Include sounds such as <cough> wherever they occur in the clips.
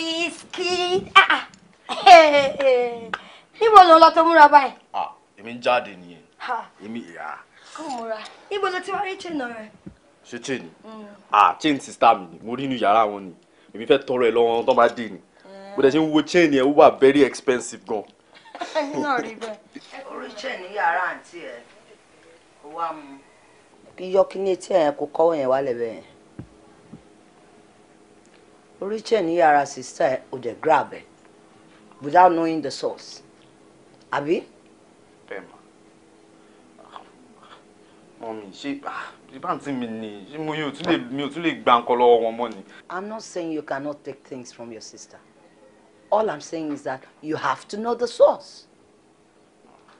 Wizkid ah, ah. níbo ló ń lọ tó múra báyìí. Ah, èmi ń jáde nìyẹn èmi ìyá. kò múra níbo ló ti wá rí chain rẹ. ṣé chain mm. chain sista mi ni mo rí inú yàrá wọn ni èmi fẹ́ tọrọ ẹ lọ́wọ́ tó bá dé ni bó dẹ̀ ṣe ń wo chain yẹn ó wà very expensive gan. <laughs> ẹyin náà rí bẹ́ẹ̀. orí chain ní yàrá àǹtí ẹ kó wá mu. bí yọkí ní etí ẹ̀ kò kọ́ wọ̀nyẹn wálẹ̀ bẹ́ẹ̀ orí chain yàrá sista ẹ o dẹ̀ grab ẹ without knowing the source àbí. bẹ́ẹ̀ ma mọ́mí ṣé ìbáǹtí mi ni mo yóò tún lè mi ò tún lè gba nǹkan lọ́wọ́ wọn mọ́ ni. i'm not saying you cannot take things from your sister all i'm saying is that you have to know the source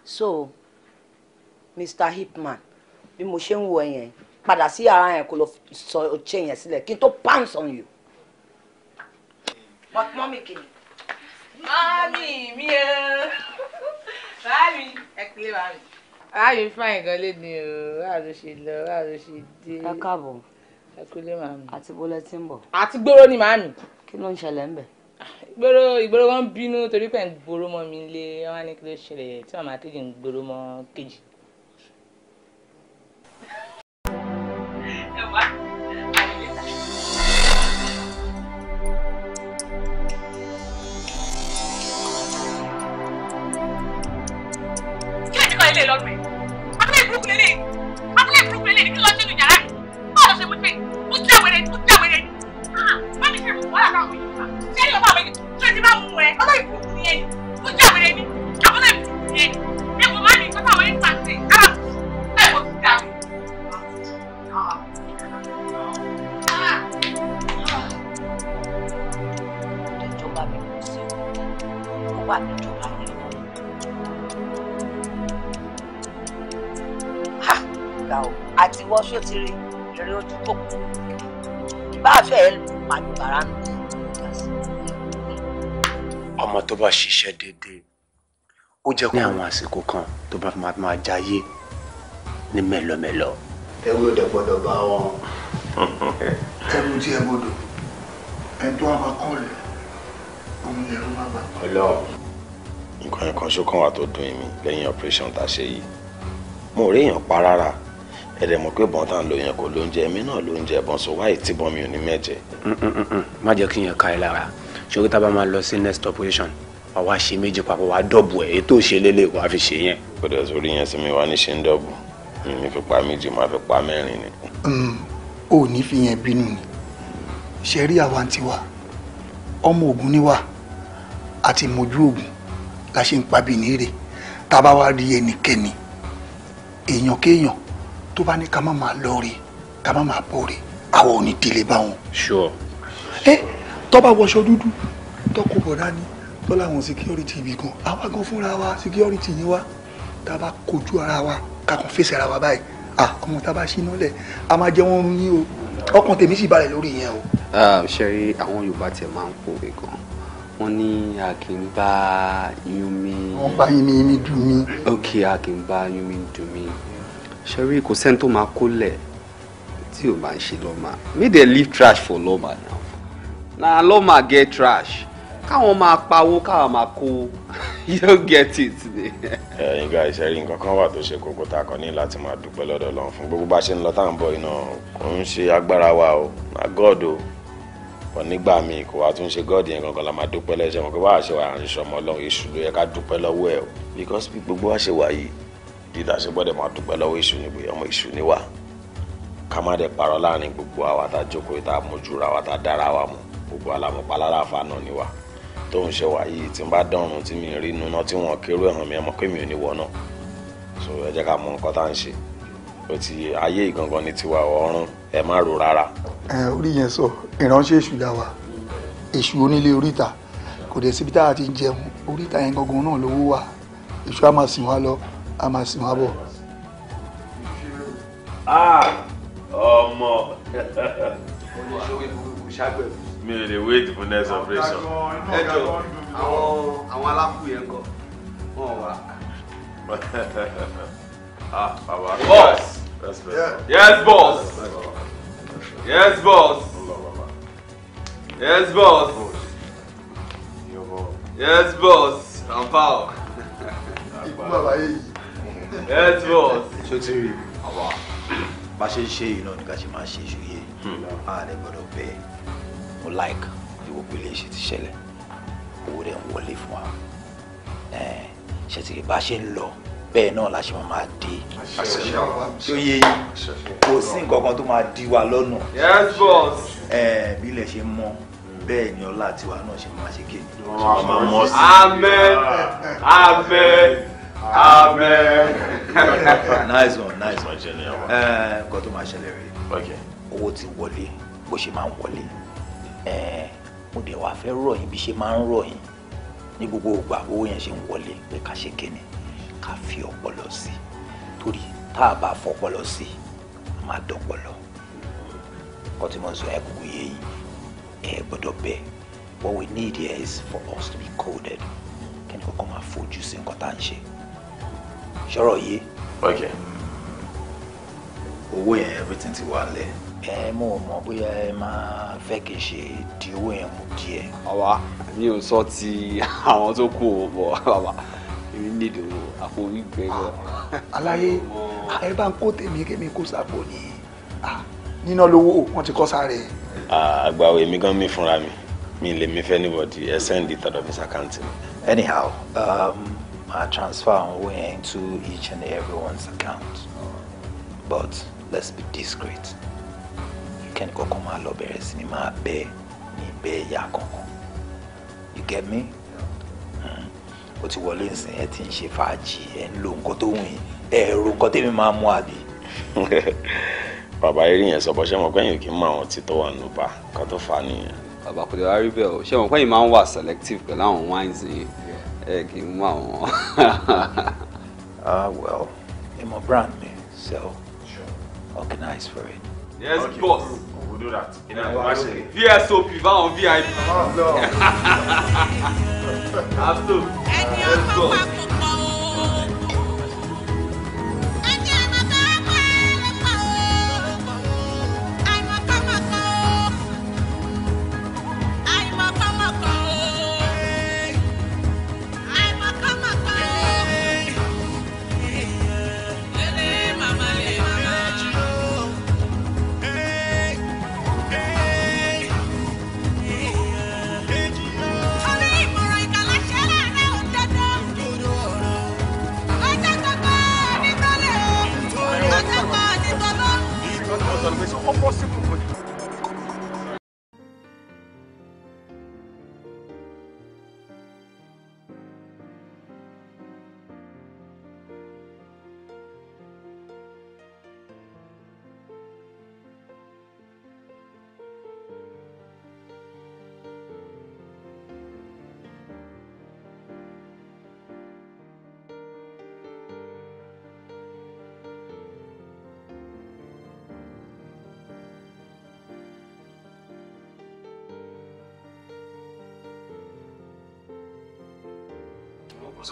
so mr hipman bí mo ṣe ń wọ yẹn padà sí yàrá yẹn kó lọ sọ chain yẹn sílẹ̀ kí n tó pounce on you mọ́mí kìíní. mọ́mí mi o báàmì ẹ pẹ̀lẹ́ báàmì. báàmì fáyìn gan lé ní o ráàlú ṣe lọ ráàlú ṣe dé. ẹ káàbọ̀ ẹ pẹ̀lẹ́ màmí. àti bọ́lẹ̀ tí ń bọ̀. àti gbóró ni màmí. kí ló ń ṣẹlẹ̀ ń bẹ̀. ìgboro ìgboro wọn bínú torí pé ń gboro mọ́ mi lé wọn ní kí ló ṣẹlẹ̀ tí màmá kejì ń gboro mọ́ kejì. rẹ̀ Ha! Gà o, àtiwọ́ ṣó ti rí ìrírí ojú tó bá fẹ́ lu màdùbàrà nù. ọmọ tó bá ṣiṣẹ́ déédéé ó jẹ́ pé àwọn àsìkò kan tó bá máa máa jayé ní mẹ́lọmẹ́lọ. ẹrú ò dẹ̀ gbọ́dọ̀ bá wọn. <laughs> ẹrú tí ẹ gbọ́dọ̀ ẹni tó wà máa kọ́ ọ̀lẹ̀ òun ni ẹrú máa bá. Ọlọ́run nǹkan ẹ̀kan ṣó kàn wá tó dùn mí lẹ́yìn operation tá a ṣe yìí mo rí èèyàn pa rárá ẹ̀rẹ̀ mọ̀ pé bọ́n tá à ń lo yẹn kò lóúnjẹ èmi náà lóúnjẹ bọ́n so wáyé tí bọ́n mi ò ní mẹ́jẹ. má jẹ́ kí yẹn ka ẹ lára ṣòro tá a bá máa lọ sí next operation wà wá ṣe méjì papọ̀ wá dọ́bù ẹ̀ èyí tó wà á fi ṣe yẹn. gbọ́dọ̀ sórí yẹn sí mi wá ní ṣe ń dọ́bù mi ní fi pa méjì máa fi pa mẹ́rin ni. Mm, o ò ní fi yẹn bínú ni ṣe rí àwa tiwa ọmọ ogun ni wá àti mojú ogun la ṣe ń pa bìnírè tá a bá wá rí ẹnikẹ́ni èèyàn kéèyàn tó bá ní ká má máa lọ́ọ̀rì ká má máa bọ̀rì àwọn ò ní délé bá wọn. sure. ẹ tó bá wọṣọ dúdú tọkọ bọ̀dá ni tó láwọn security ibì kan àwa gan fúnra wa security ni wa tá a bá kojú ara wa ká kàn fèsì ara wa báyìí ah ọmọ tá a bá ṣínú lẹ̀ a máa jẹ́ wọ́n run yín o ọkàn tèmi sì balẹ̀ lórí yẹn o. ṣe rí àwọn yorùbá tiẹ̀ máa ń pòwe gan wọ́n ní a kì í bá yún mi. wọ́n bá yín mi yín mi dùn mí. ok a kì dùn mí ṣẹ́rí kò sẹ́ni tó máa kólẹ̀ tí o máa ń ṣe lọ́mà make dem leave trash for lọ́mà now na lọ́mà get trash káwọn máa pawó káwọn máa kó <laughs> you get it. <laughs> ẹ ǹgá ìṣẹ́rí nǹkan kan wà tó ṣe kókó tá a kàn ní láti máa dúpẹ́ lọ́dọ̀ Ọlọ́run fún gbogbo bá a ṣe ń lọ tá à ń bọ̀ iná kò ń ṣe agbára wa o na God o wọn nígbà míì kò wá tún ṣe God yẹn gangan la máa dúpẹ́ lẹ́sẹ̀ wọn kó bá ṣe wà ń ṣọmọ Ọlọ́run èṣù ló yẹ ká dúpẹ́ lọ́wọ́ ẹ̀ o because bí gbogbo wa ṣe wà yìí dídá ṣe gbọ́dọ̀ máa dúpẹ́ lọ́wọ́ èṣù ni pé ọmọ èṣù ni wá ká má dẹ̀ parọ́ láàrin gbogbo àwa tá a jókòó tá a mójúra wa tá a dára wa mọ̀ gbogbo alamọ̀pá lálàáfà náà tó ń ṣe wá tí n bá dọ̀rùn tí mi rí inú tí wọ́n kérú ẹ̀hàn mi ẹmọ pé ò ní wọ náà so ẹ jẹ́ ká mọ nǹkan tá à ń ṣe ó ti ayé ìgangan ní tiwa ọ̀run ẹ má rò rárá. ẹ orí yẹn sọ ìránṣẹ́ èṣù la wa èṣù onílé oríta kò dẹ̀ síbi tá a ti jẹun oríta yẹn gangan náà lówó wa èṣù á máa sìn wá lọ a máa sìn wá bọ̀. Ah, ọmọ mi ò lè wait for next operation. ẹ jọ àwọn àwọn aláfù yẹn kọ wọn wà. <laughs> ah baba boss yes boss yes boss yes boss yes boss i'm foul. ikú bàbá yìí yes boss. ṣó ti rí àwa bá ṣe ń ṣe yìí náà nígbà tí máa ṣe ìṣòye ààrẹ gbọ́dọ̀ bẹ́ẹ̀ mo like ìwò pé lè ṣe ti ṣẹlẹ̀ owó rẹ̀ ń wọlé fún wa ṣe ti bá ṣe ń lọ bẹ́ẹ̀ náà la ṣe máa máa dé tó yé yín kò sí nǹkan kan tó máa di wa lọ́nà bí ilẹ̀ ṣe mọ́ bẹ́ẹ̀ ni ọlá tiwa náà ṣe máa ṣe kéde. àmín àmín amen. <laughs> nice one nice one jẹ́ ní ọmọ. nǹkan tó máa ṣẹlẹ̀ rèé owó ti wọlé bó ṣe máa ń wọlé mo dẹ̀ wá fẹ́ rọ̀ yín bí ṣe máa ń rọ̀ yín ní gbogbo ìgbà owó yẹn ṣe ń wọlé pé ká ṣe kíni ká fi ọpọlọ sí torí tá a bá fọpọlọ sí a máa dọpọlọ kọ́ tí mo sọ ẹ kúkú yé yín ẹ gbọ́dọ̀ bẹ́ẹ̀ what we need here is for us to be coded kí ni kò kọ́ máa fojú sí nǹkan tá à ń ṣe ṣọ́rọ̀ yìí. ok owó yẹn everything ti wà lẹ. ẹ mo mọ bóyá ẹ máa fẹ́ kí n ṣe di owó yẹn mú díẹ̀. bàbá mi ò sọ ti àwọn tó kù ò bọ̀ bàbá èmi nílò àpò wípé. Ah, aláyé ẹ bá ń kó tèmi kémi kó sàpò ni ah, níná lówó wọn ti kọ́ sáré. Ah, àgbàwò èmi gan mi fúnra mi mi lè mi fẹ́ níbọ̀dì ẹ sẹ́ndì tọ̀dọ̀ mi sàkáǹtì. anyhow um, I transfer àwọn owó into each and everyone's account but let's be discreet You can't go come bẹ̀rẹ̀ sí ni máa bẹ́ ní bẹ́ ìyá kankan you get me o hmm. ti wọlé nsìn ẹ ti ń ṣe fàájì ẹ ń lo nǹkan tó wù yín ẹ ro nǹkan tẹ́mi máa mú àbí. <laughs> bàbá eré yẹn sọ bọ́ ṣé mo pẹ́yìn kì í mọ àwọn tí wà nù bá kan tó fà á nìyẹn. bàbá kò lè wá rí bẹ́ẹ̀ o ṣé mo pẹ́yìn máa ń wà selective pẹ̀lú àwọn wines yẹn ẹ kì í <laughs> ah well ìmọ̀ brand mi so organize for it. yes okay. boss. Oh, we do that. ìnà ìwáṣẹ vsop báwọn vip. absolute. ẹni Let's go.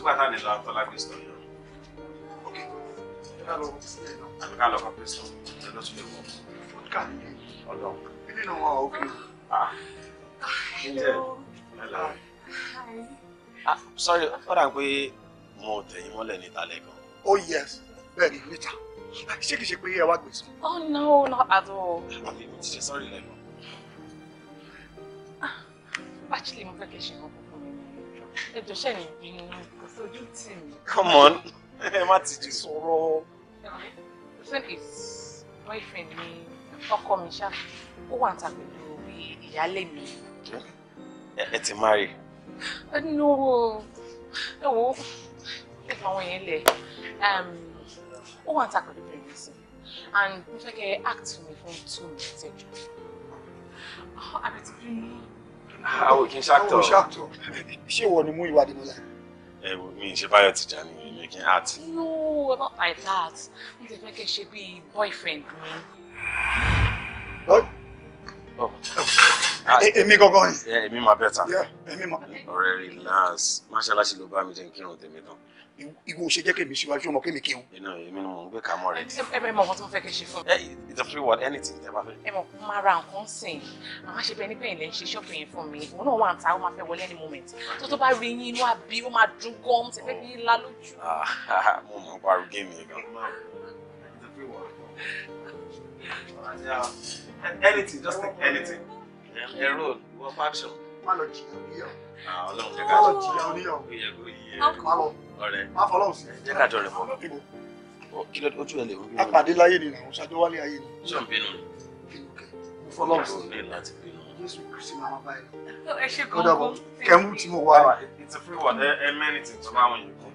Bata ni la Tola Kristo yẹn. Ok. Àbí ká lọ kọ Kristo. Ṣé ló tún lè wọ? Ká ní ọ̀dọ̀. Ilé náà wà ókè. Sorry, ó dà pé mo tẹ̀yìn mọ́lẹ̀ níta lẹ́ẹ̀kan. Oh yes, bẹ́ẹ̀ ni níta. Ṣé kìí ṣe pé ẹ wá gbèsè? Oh no, not at all. Àbí mo ti ṣe sọ́rí lẹ́ẹ̀kan. Actually, mo fẹ́ kẹ́ ṣe kọ́kọ́ ẹ jọ ṣẹ́ ní ìbínú ojú tì mí. come on ẹ má ti jù sọ̀rọ̀. friend Me, boyfriend mi ọkọ mi ṣá ó wà do pẹ̀lú ìyálé mi. ẹ ti marry. No. ní owó ẹ wo ẹ fà wọn yẹn lẹ um, ó wà níta pẹ̀lú bẹ̀rẹ̀ and mo fẹ́ kẹ́ act me fún two minutes ẹ jọ àbẹ̀tí ah, bí mi àwọn kì í ṣàtọ àwọn ṣàtọ ṣé ìwọ ni mú ìwà dìbòlá. mean, wo mi ṣe báyọ̀ ti making nìyẹn no not like that we ti fẹ́ kẹ́ ṣe bí boyfriend mi. Oh. Ah, e, èmi gangan ni. èmi máa bẹ́ẹ̀ ta. èmi máa. ọ̀rẹ́ relax máṣáláṣí ló bá mi jẹ́ kírun tèmi tán ìwọ ṣe jẹ́ kèmí síwájú ọmọ kèmí kéwu. inú èmi ni mò ń gbé ká mọ́ rẹ tí. ẹ bẹ mọ nǹkan tó fẹ́ kí n ṣe fún mi. it's a free word anything tẹ bá fẹ́. ẹ mọ máa ra nǹkan sìn àwọn àṣẹ bẹ́ẹ̀ níbẹ̀ ilẹ̀ ń ṣe ṣọ́ọ̀bù yẹn fún mi òun náà wà ń ta ó máa fẹ́ wọlé ní moment tó tó bá rí yín inú àbí ó máa dún gan ó ti fẹ́ kí lá lójú. Ah, <laughs> mo mọ̀ ń parí géèmì yẹn gan. anything just take anything. ẹ roll wọ faction. má lọ jìyà oníyàwó. Ah, má lọ jìyà oníyàwó. má lọ ọ̀rẹ́ ojú ẹ lè wọ́n. apàdé láyé ni làwọn ṣáájú wálé ayé ni. sọ bínú ni. mo fọlọ́run sí. láti bínú. jésù kristi máa ma báyìí. ẹ ṣe kàn kó. kẹ́mú tí mo wá rẹ̀. Ah, it's a free word ẹ mẹ́rin ti tún àwọn yòókù.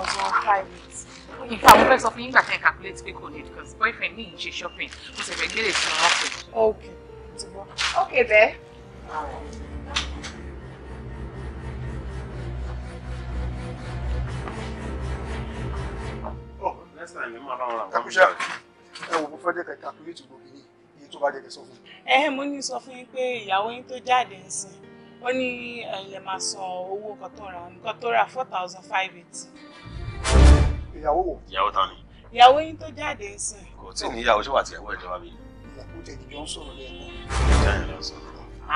thousand five eight. in fact mo fẹ́ sọ fún yín gbà kẹ́hìn calculate pé kò ní because boyfriend mi ń ṣe shopping mo sì fẹ́ gbélé sí wọn pé. ok ti bọ́. ok bẹ́ẹ̀. kàkúṣà ẹ wò mo fẹ́ jẹ́ kẹ́kẹ́ calculate gbòógì ní iye tó bá jẹ́ kẹ́ sọ fún mi. ẹ mo ní sọ fún yín pé ìyàwó yín tó jáde ń sìn ó four thousand five eighty ìyàwó wò. ìyàwó ta ni. ìyàwó yín tó jáde ń sìn. kò tí ì níyàwó ṣé wà tí ìyàwó ẹ̀ jọba mi. ìyàwó tẹ̀jọ́ ń sọ̀rọ̀ lẹ́ẹ̀kan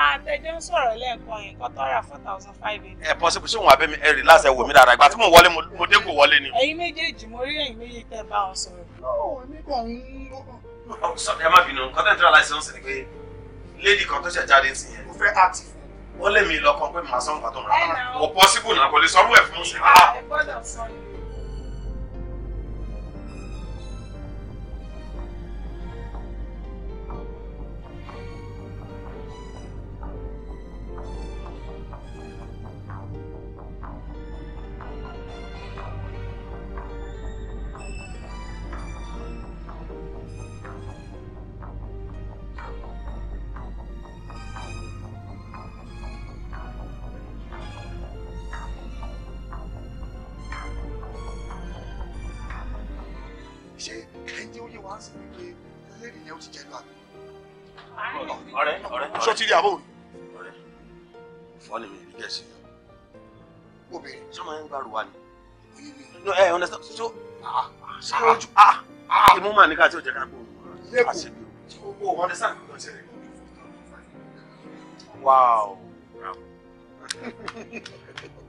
àtẹjọ́ ń sọ̀rọ̀ lẹ́ẹ̀kan yìí kọ́ tọ́ra four thousand five eight. ẹ possible sí òun abẹ́ mi ẹ̀rí láti ẹ̀wò mi dáadáa ìgbà tí mò ń wọlé mo dé kò wọlé ni. ẹ̀yin méjèèjì mo rí ẹ̀yin méjèèjì tẹ́ bá wọn sọ̀rọ̀. ẹ má bínú content trial license ni pé lady kan tó ṣẹ̀ jáde sí yẹn. mo fẹ́ active. ó lé mi lọ́kàn pé màá sọ nǹkan tó ń ra. kò possible náà kò lè sọ fún ẹ̀ fún un sí. Ah! ẹ gbọ́dọ̀ sọ ni. mú mà níkà tí ò jẹ́ ká gbó àṣebí o o wow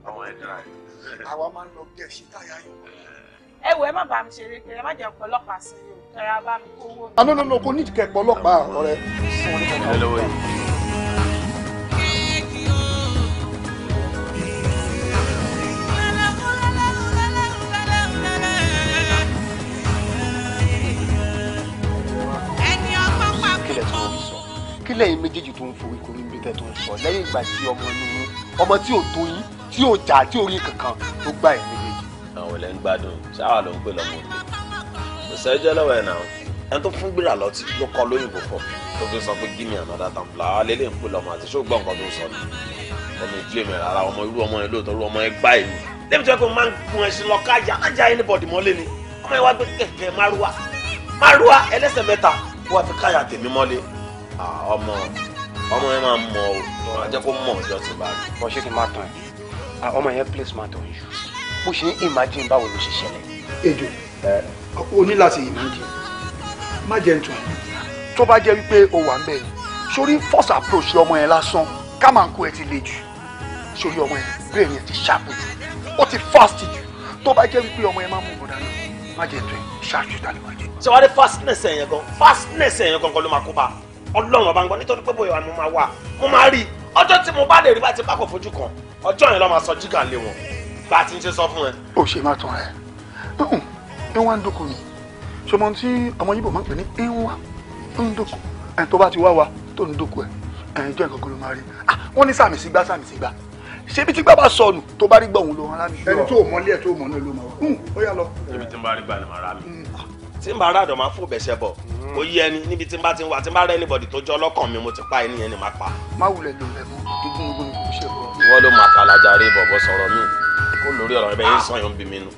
àwọn ẹ̀dá ẹ̀. àwa máa ń lọ gẹ̀ ṣe táyà yọ. ẹ wo ẹ má bàa mi ṣeré kẹrẹ má jẹ ọ̀pọ̀lọpàá sí i o kẹrẹ bá mi kówó. àná ló lọ kó nídìí kẹ ọ̀pọ̀lọpàá kí lẹ́yìn méjèèjì tó ń forí korí ń bí tẹ́ tó ń sọ lẹ́yìn ìgbà tí ọmọ inú yín ọmọ tí ò tó yín tí ò jà tí ò rí kankan tó gbà yín méjèèjì. àwọn ilẹ̀ ń gbádùn ṣáà ló ń pè lọ́mọ òde kò sẹ́jọ́ lọ́wọ́ ẹ̀ náà ẹni tó fún gbéra lọ tí ló kọ́ lóyìnbó fọ tó fi sọ pé gíní ànádá tán fúláwá lélẹ̀ ń pè lọ́mọ àti ṣóògbọ́n nǹkan tó ń sọ Ah, ọmọ ọmọ yẹn máa mọ o máa jẹ́ kó mọ̀ ọjọ́ ti bá mi. bọ́sẹ̀ kì í máa tán ẹ ah, ọmọ yẹn place máa tán yìí bó ṣe ń imagine báwo ló ṣe ṣẹlẹ̀. ejò o ní láti imagine má jẹ́ ntọ́ tó bá jẹ́ wípé o wà ń bẹ̀ sórí first approach ọmọ yẹn lásán ká máa ń kó ẹ ti le jù sórí ọmọ yẹn brain yẹn ti sharp jù ó ti fast jù tó bá jẹ́ wípé ọmọ yẹn máa mú un dáná má jẹ́ ntọ́ ṣáàjù dání má jẹ́. sọ wá dé fastness ẹ̀yẹn gan fastness ẹ̀yẹn gan gan ló máa kó bá a ọlọ́run ọba ń gbọ́ nítorí pé bóyá mo máa wà mo máa rí ọjọ́ tí mo bá lè rí bá ti pákó fojú kan ọjọ́ yẹn lọ́ máa sọ jígà lé wọn bá a ti ń ṣe sọ fún ẹ. o ṣe máa tán rẹ ẹ wá ń doko ni ṣọmọ tí ọmọ yìí bò máa ń pè ní ẹ wá ń doko ẹ tó bá ti wá wa tó ń doko ẹ ẹ jọ nǹkan kan ló máa rí ah, wọn ní sàmì sí gbá sàmì sí gbá ṣebí tí gbá bá sọnù tó bá rí gbọ̀hún ló rán lámì. ẹni tó mọ́lé ẹ̀ tó mọ́ náà ló máa wá ó yá lọ. ibi tí n bá rí gbà ni màá rà mí. Mm tí n bá rà dọ̀ máa fò bẹ̀ṣẹ̀ bọ̀ mm. ó yí ẹni níbi tí n bá ti ń wá tí n bá rẹ́ anybody tó jọ ọlọ́kàn mi mo ti pa ẹni yẹn ni màá pa. má wulẹ̀ ló lẹ̀ mú gígùn ogun kò ṣe bọ̀. ìwọ ló máa kalaja rí bọ̀bọ̀ sọ̀rọ̀ mi kó lórí ọ̀rọ̀ ẹbẹ̀ yín ah. sàn yóò bí mi nù.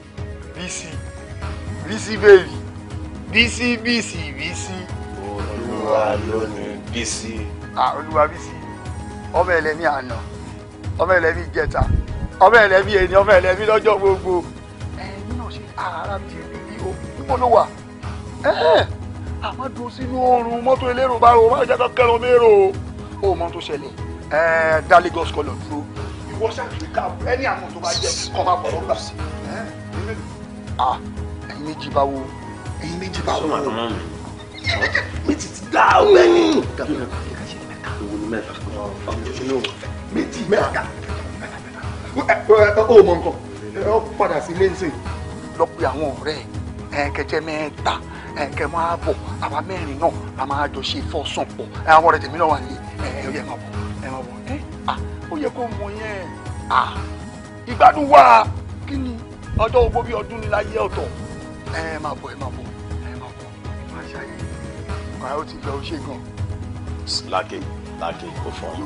bísí bísí bèbí bísí bísí bísí. olúwa lónìí bísí. Ah, olúwa bísí ọmọ ẹlẹ́mí àná ọmọ ẹlẹ́mí ìjẹta ọmọ ẹlẹ́mí ẹni ọmọ ẹlẹ́mí lọ́jọ́ gbogbo. ẹ nínú ṣe ah, ara ti rí bí o níbo ló wà àmọ́ dùn sínú oorun mọ́tò elérò bá ro má jẹ́ kó kẹ́rùn mérò o mọ́ tó ṣẹlẹ̀ dá Lagos kọlọ̀ dúró ìwọ ṣàkíyèsí káàbù ẹni àwọn tó bá jẹ kọ́ máa bọ̀ lọ́gbà ẹ̀yin méjì bá wo ẹ̀yin méjì bá wo mi ti ti dá o bẹ́ẹ̀ ni méjì mẹ́ta o mọ nǹkan padà sí lẹ́sìn lọ pe àwọn ọ̀rẹ́ ẹ̀ kẹ̀kẹ́ mẹ́ta kẹ́ máa bọ̀ àwa mẹ́rin náà la máa jọ ṣe fọ́sàn pọ̀ àwọn ọ̀rẹ́ tèmi náà wà ní ẹ̀yẹ máa bọ̀ ẹ̀ máa bọ̀ ẹ̀ à ó yẹ kó mọ yẹn à ìgbádùn wà kí ni ọjọ́ ogbó bí ọdún ni láyé ọ̀tọ̀ ẹ̀ máa bọ̀ ẹ̀ máa bọ̀ ẹ̀ máa bọ̀ máa ṣàyè ọ̀rẹ́ ó ti lọ ó ṣe gan. lákè lákè kò fọ́nbù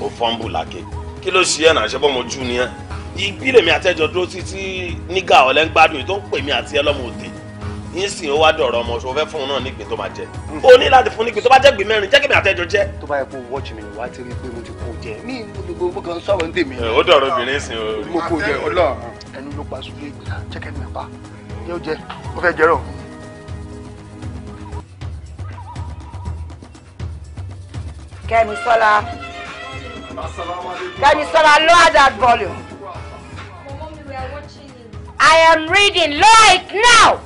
kò fọ́nbù lákè kí ló ṣe ẹ̀ náà ṣe bọ́ ni ẹ́ ìbílẹ̀ mi àtẹ́jọ́ dúró títí nígà ọ̀lẹ́ ń gbádùn tó ń pè mí àti ẹlọ́mọ òde ìsìn ó wá dọ̀rọ̀ ọmọ ṣò fẹ́ fún un náà nígbín tó máa jẹ o ní láti fún nígbín tó bá jẹ́ gbìn mẹ́rin jẹ́ kí mi àtẹ́jọ jẹ́. tó bá yẹ kó wọ́ọ̀chì mi wá ti rí i pé mo ti kó o jẹ mí gbogbo kan sọ̀rọ̀ ń dè mí. ó dọ̀rọ̀ obìnrin sìn o. mo kó o jẹ ọlọ ẹni ló pa sùn lé jẹ́kẹ́ mi pa yóò jẹ ó fẹ́ jẹ́rọ̀. Kẹ́mi Ṣọlá Kẹ́mi Ṣọlá lower that volume. I am reading. Lower now.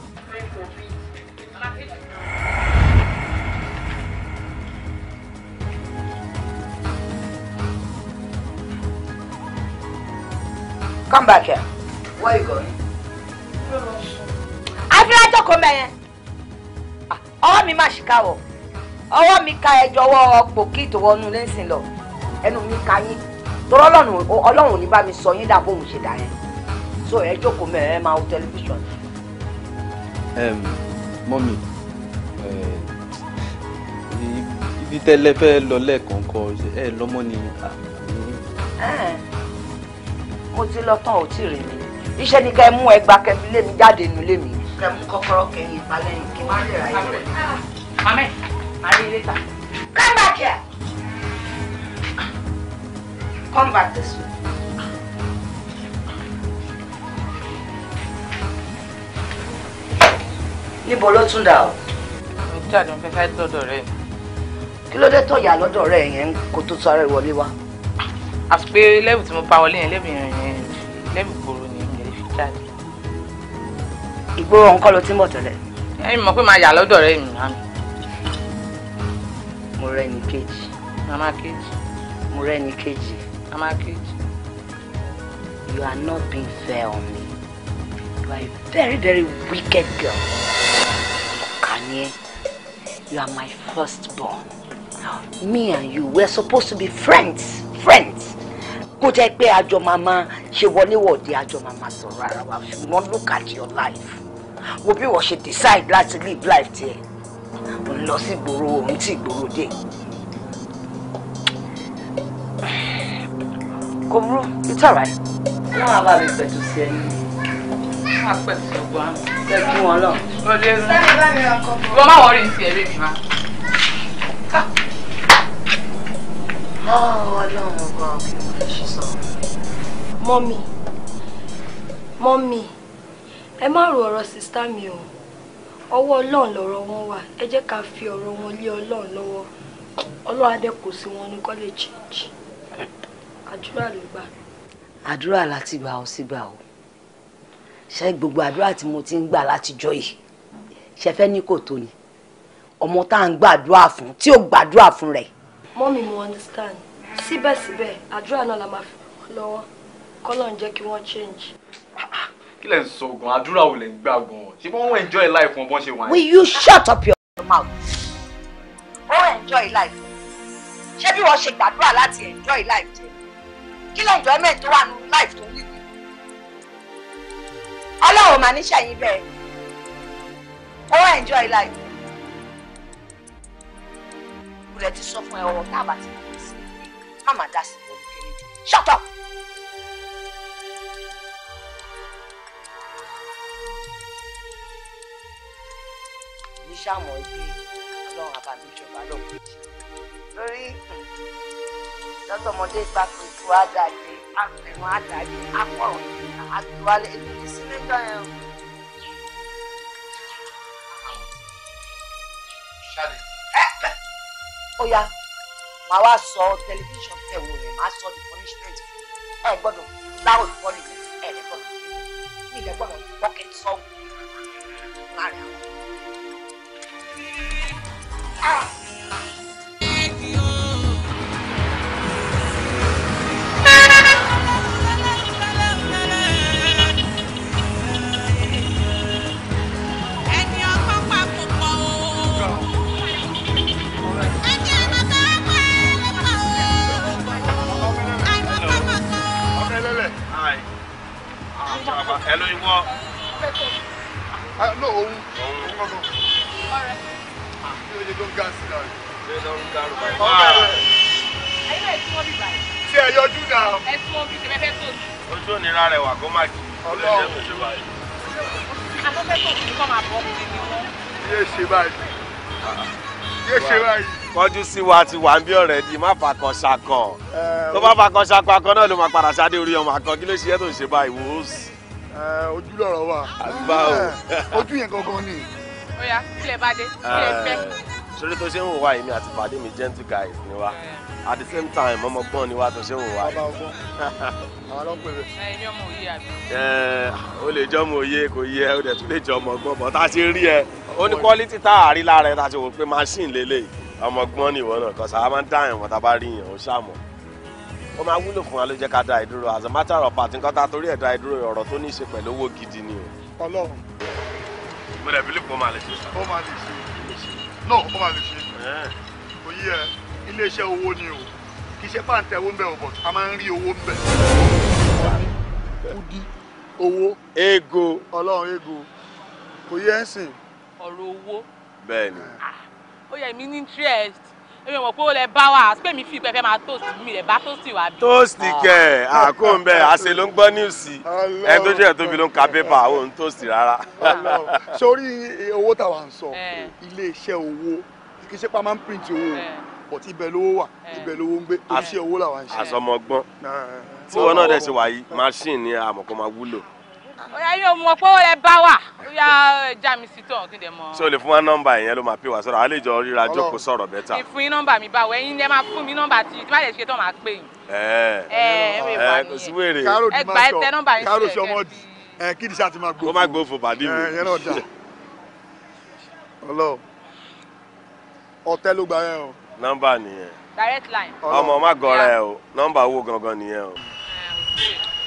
Come back here. Where are you going? I feel mẹ́yẹn. Ọwọ́ mi máa ṣìkà wọ̀. Ọwọ́ mi ka kaya ọwọ́ pòkì tó wọnú lẹ́sìn lọ. Ẹnu mi ka yín. Tọ́rọ Ọlọ́run ò ní bá mi sọ yín dà bóun ṣe dà yẹn. So ẹ jókòó mẹ́rin ẹ máa wo tẹlifíṣọ̀n. Mọ́mì, ibi tẹ́lẹ̀ fẹ́ lọ lẹ́ẹ̀kọ̀ọ̀kan ẹ lọ́mọ ni mo ti lọ ò tí rí mi iṣẹ́ ni kẹ́ mú ẹgbà kẹfí lé mi jáde nù lé mi. kẹ́ mú kọ́kọ́rọ́ kẹyìn ìpalẹ́yìn kí má lè ráyè rẹ̀. mamẹ àrí ilé come back here come back this way. níbo ló tún dà o. mo jáde mo fẹ́ fẹ́ lọ́dọ̀ rẹ̀. kí ló dé tó yà lọ́dọ̀ rẹ̀ yẹn kó tó sọ ara ìwọlé wa àti pé lẹ́bù tí mo pa wọlé yẹn lẹ́bù yẹn lẹ́bù gbòòrò ni ìyẹn fi jáde. ìgboro nǹkan ló ti ń bọ̀ tẹ́lẹ̀. ẹ̀yin mọ̀ pé màá yà lọ́dọ̀ rẹ̀ mi màmí. mo rẹ́ ní kejì. màmá kejì. mo rẹ́ ní kejì. màmá kejì. you are not being fair on me you are a very very wicked girl. Kanye, you are my firstborn. Me and you were supposed to be friends. Friends kó jẹ́ pé àjọ màmá ṣe wọléwọ̀de àjọ màmá sọ̀rọ̀ ara wa ṣùgbọ́n look at your life wo bí wọ́n ṣe decide láti live life tiẹ̀ mo ń lọ sí ìgboro òun tí ìgboro dé. <sighs> kò burú it's alright. wọ́n á bá mi pẹ̀tù sí ẹni. wọ́n á pẹ̀tù ọgbọ́n àmì. lẹ́kùn wọn lọ. ọ̀lẹ́rú. sáré bá mi ra kọ́kọ́. wọ́n má wọ́n rí ní ti mi wá. Mommy, mommy, òkè òkè ṣe sọ. mọ́mì mọ́mì ẹ má ro ọ̀rọ̀ sista mi o ọwọ́ ọlọ́run lọ̀rọ̀ wọn wà ẹ jẹ́ ká fi ọ̀rọ̀ wọn lé ọlọ́run lọ́wọ́ ọlọ́run adé kò sí wọn ní college àdúrà ló gbà. àdúrà láti gbà ó sí gbà ó ṣe gbogbo àdúrà tí mo ti ń gbà látijọ́ yìí ṣe fẹ́ ní kò tó ni ọmọ tá à ń gbàdúrà fún tí ò gbàdúrà fún rẹ̀ mọ́mì mo understand síbẹ̀síbẹ̀ àdúrà náà la máa fi wọ́n lọ́wọ́ kọ́lọ̀ ń jẹ́ kí wọ́n change. kí lẹ̀ ń sọ gan àdúrà ò lè ń gbà gan ṣé wọ́n ń enjoy life wọn bọ́n ṣe wà. will you shut up your mouth. ó enjoy life ṣé bí wọ́n ṣe gbàdúrà láti enjoy life jẹ kí lè enjoyment tó wà ní life tó wí wí. ọlọ́run mà ní ṣẹ́yìn bẹ́ẹ̀ ó enjoy life rẹ̀ ti sọ fún ẹ ọ̀rọ̀ tá a bá ti mọ̀ sí i má má dá sí i lórí shut up. ní sàmọ̀ ibi ọlọ́run àbámíjọba lọ́kùnrin lórí hmm, lọ́tọ̀mọdé gba pẹ̀lú àdàgbé àpẹ̀wọ̀n àdàgbé àpọ̀rọ̀ àgbéwálé èmi sí lẹ́jọ́ yẹn o ó yá màá wá sọ tẹlifíṣàn tẹ̀wò rẹ̀ màá sọ the punishment ẹ gbọ́dọ̀ láwọ̀ ìfọ́ nìkan ẹ lè gbọ́dọ̀ ní ilẹ̀ gbọ́dọ̀ wọ́kẹ́ sọ́wọ́ láàrin àwọn. Ah! ẹ ló wọ. no òun òun gbọ́dọ̀. kí ló yẹ ló ń ga sí náà. ṣé ló ń ga rògbà yìí. ayé náà ẹ tún wọn bí báyìí. Ah. ṣé ẹ yọjú náà. ẹ tún wọn bí ṣe fẹ́fẹ́ tó. ojú òníra rẹ wà kó má jù. ọlọ́run afẹ́fẹ́ tó kì í kọ́ máa bọ́ kiri ni wọ́n. yé ṣe báyìí yé ṣe báyìí kọjú sí wa ti wà ń bí ọ̀rẹ́ di má fakọ ṣakọ eh, tó bá fakọ ṣakọ akọ náà ló máa padà ṣáde orí ọmọ akọ kí ló ṣe é tó ń ṣe báyìí wò ó sì. Eh, ojú lọ̀rọ̀ wa eh, ojú yẹn gangan ni. oya kílẹ̀ bá kílẹ̀ fẹ́. Eh, sori tó ṣe ń wò wá èmi àti pàdé mi gentle guys ni wa at the same time ọmọgbọ́n ni wa tó ṣe ń wò wá. bàbá ọgbọ́n àwọn ló ń pè é. ẹ̀yin ọmọ òye àbí. o lè jọ ọmọ òye kò yẹ o dẹ̀ tún lè jọ ọmọ bọ̀ tá a ṣe rí ẹ ó ní quality tá a rí lára ẹ tá a ṣe wò pé machine lélẹ̀ ọmọgbọ́n ni ìwọ náà kọ́sà ó máa wúlò fún wa ló jẹ́ ká dá ìdúró as a matter of fact nǹkan tá torí ẹ̀ dá ìdúró ọ̀rọ̀ tó ní í ṣe pẹ̀lú owó gidi ni o. Ọlọ́run. mo dẹ̀ bílífù kó máa lè ṣe ó máa lè ṣe náà ó máa lè ṣe. òye ẹ iléeṣẹ́ owó ni o kì í ṣe pàǹtẹ̀ owó ń bẹ o a máa ń rí owó ń bẹ. kudi owó. ego. Ọlọ́run ego kò yẹ ẹ sìn. ọ̀rọ̀ owó. bẹ́ẹ̀ni. Ah, ó yẹ mi ní interest èmi mọ̀ pé ó lẹ bá wa pé mi fi pẹpẹ máa toast mi rẹ bá toast wa bí. toast kẹ ah. àkó ń bẹ àṣẹ ló ń gbọ́ níwùsì ẹni tó jẹ́ tóbi ló ń ka pépà ó ń toast rárá. sórí owó táwa ń sọ eh. ilé iṣẹ́ owó kì í ṣe pa máa ń print owó eh. but ibẹ̀ lówó wà eh. ibẹ̀ lówó ń gbé iṣẹ́ owó làwa ń ṣe. àsọmọgbọ́n tí wọn náà dẹ̀ ṣe wáyé machine ni àmọ̀kọ́ máa wúlò ọ̀yà yóò mọ̀ pé ó lẹ bá wà ó yà já mi sí tọ̀ kí n dẹ̀ mọ̀. ṣé o lè fún wa nọ́mbà yẹn ló máa pè wá sọ̀rọ̀ àlejò ríra jókòó sọ̀rọ̀ bẹ́tà. mi yín nọ́mbà mi báwo ẹ̀yin lẹ máa fún mi nọ́mbà tí má lè ṣe tán máa pè yín. ẹ ẹ ẹ kò sí wèrè. ẹ gbà ẹ tẹ nọ́mbà yín sí ẹ ẹ kí ni sá ti máa gbó. kó má gbó bàdí mi. ẹ ọtẹ ló gba ẹ o. nọ́mbà nìyẹn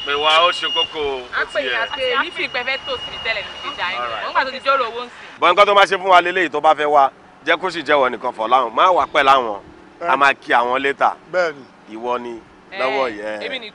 pè wá ó ṣe kókó ó ti yẹ. a pè yà pé nífi ìpẹ́ fẹ́ tò síbi tẹ́lẹ̀ níbi ìjà yẹn wọ́n gbà tó ti jọ́rọ̀ owó ń sìn. bọ́n nǹkan tó máa ṣe fún wa lélẹ́yìí tó bá fẹ́ wá jẹ́ kó sì jẹ́wọ́ nìkan fọ̀ láwọn máa wà pẹ̀ láwọn a máa kí àwọn létà ìwọ ni lọ́wọ́ yẹ èmi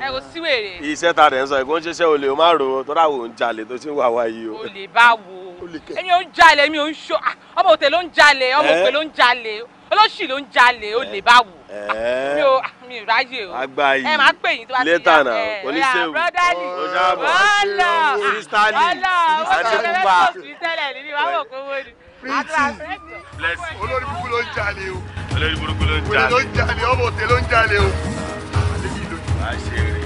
ẹ iṣẹ́ ta rẹ̀ ń sọ ẹ̀ ń ṣiṣẹ́ olè o máa rò ó tọ́ra wò ń jalè tó ṣe wà wá yìí o. olè bá wo èmi ò ń jalè èmi ò ń ṣó ah, ọmọ òtẹ̀ ló ń jalè ọmọ òpè ló ń jalè olóṣì ló ń jalè olè bá wo. Eh. mi ò ah, mi ò ráyè o agbayi ẹ máa pè yín tó bá ti yá ẹ ọ̀yà brọ́dálì ọ̀là ọ̀là ọ̀sọ̀lẹ́lẹ́sọ̀ sí tẹ́lẹ̀ níbi wàá wọ̀ kówó ni. olórí burúkú ló ń jalè o olórí burúkú ló ń jalè o olórí ló ń jalè ọmọ òtẹ ló ń jalè o. àṣírí.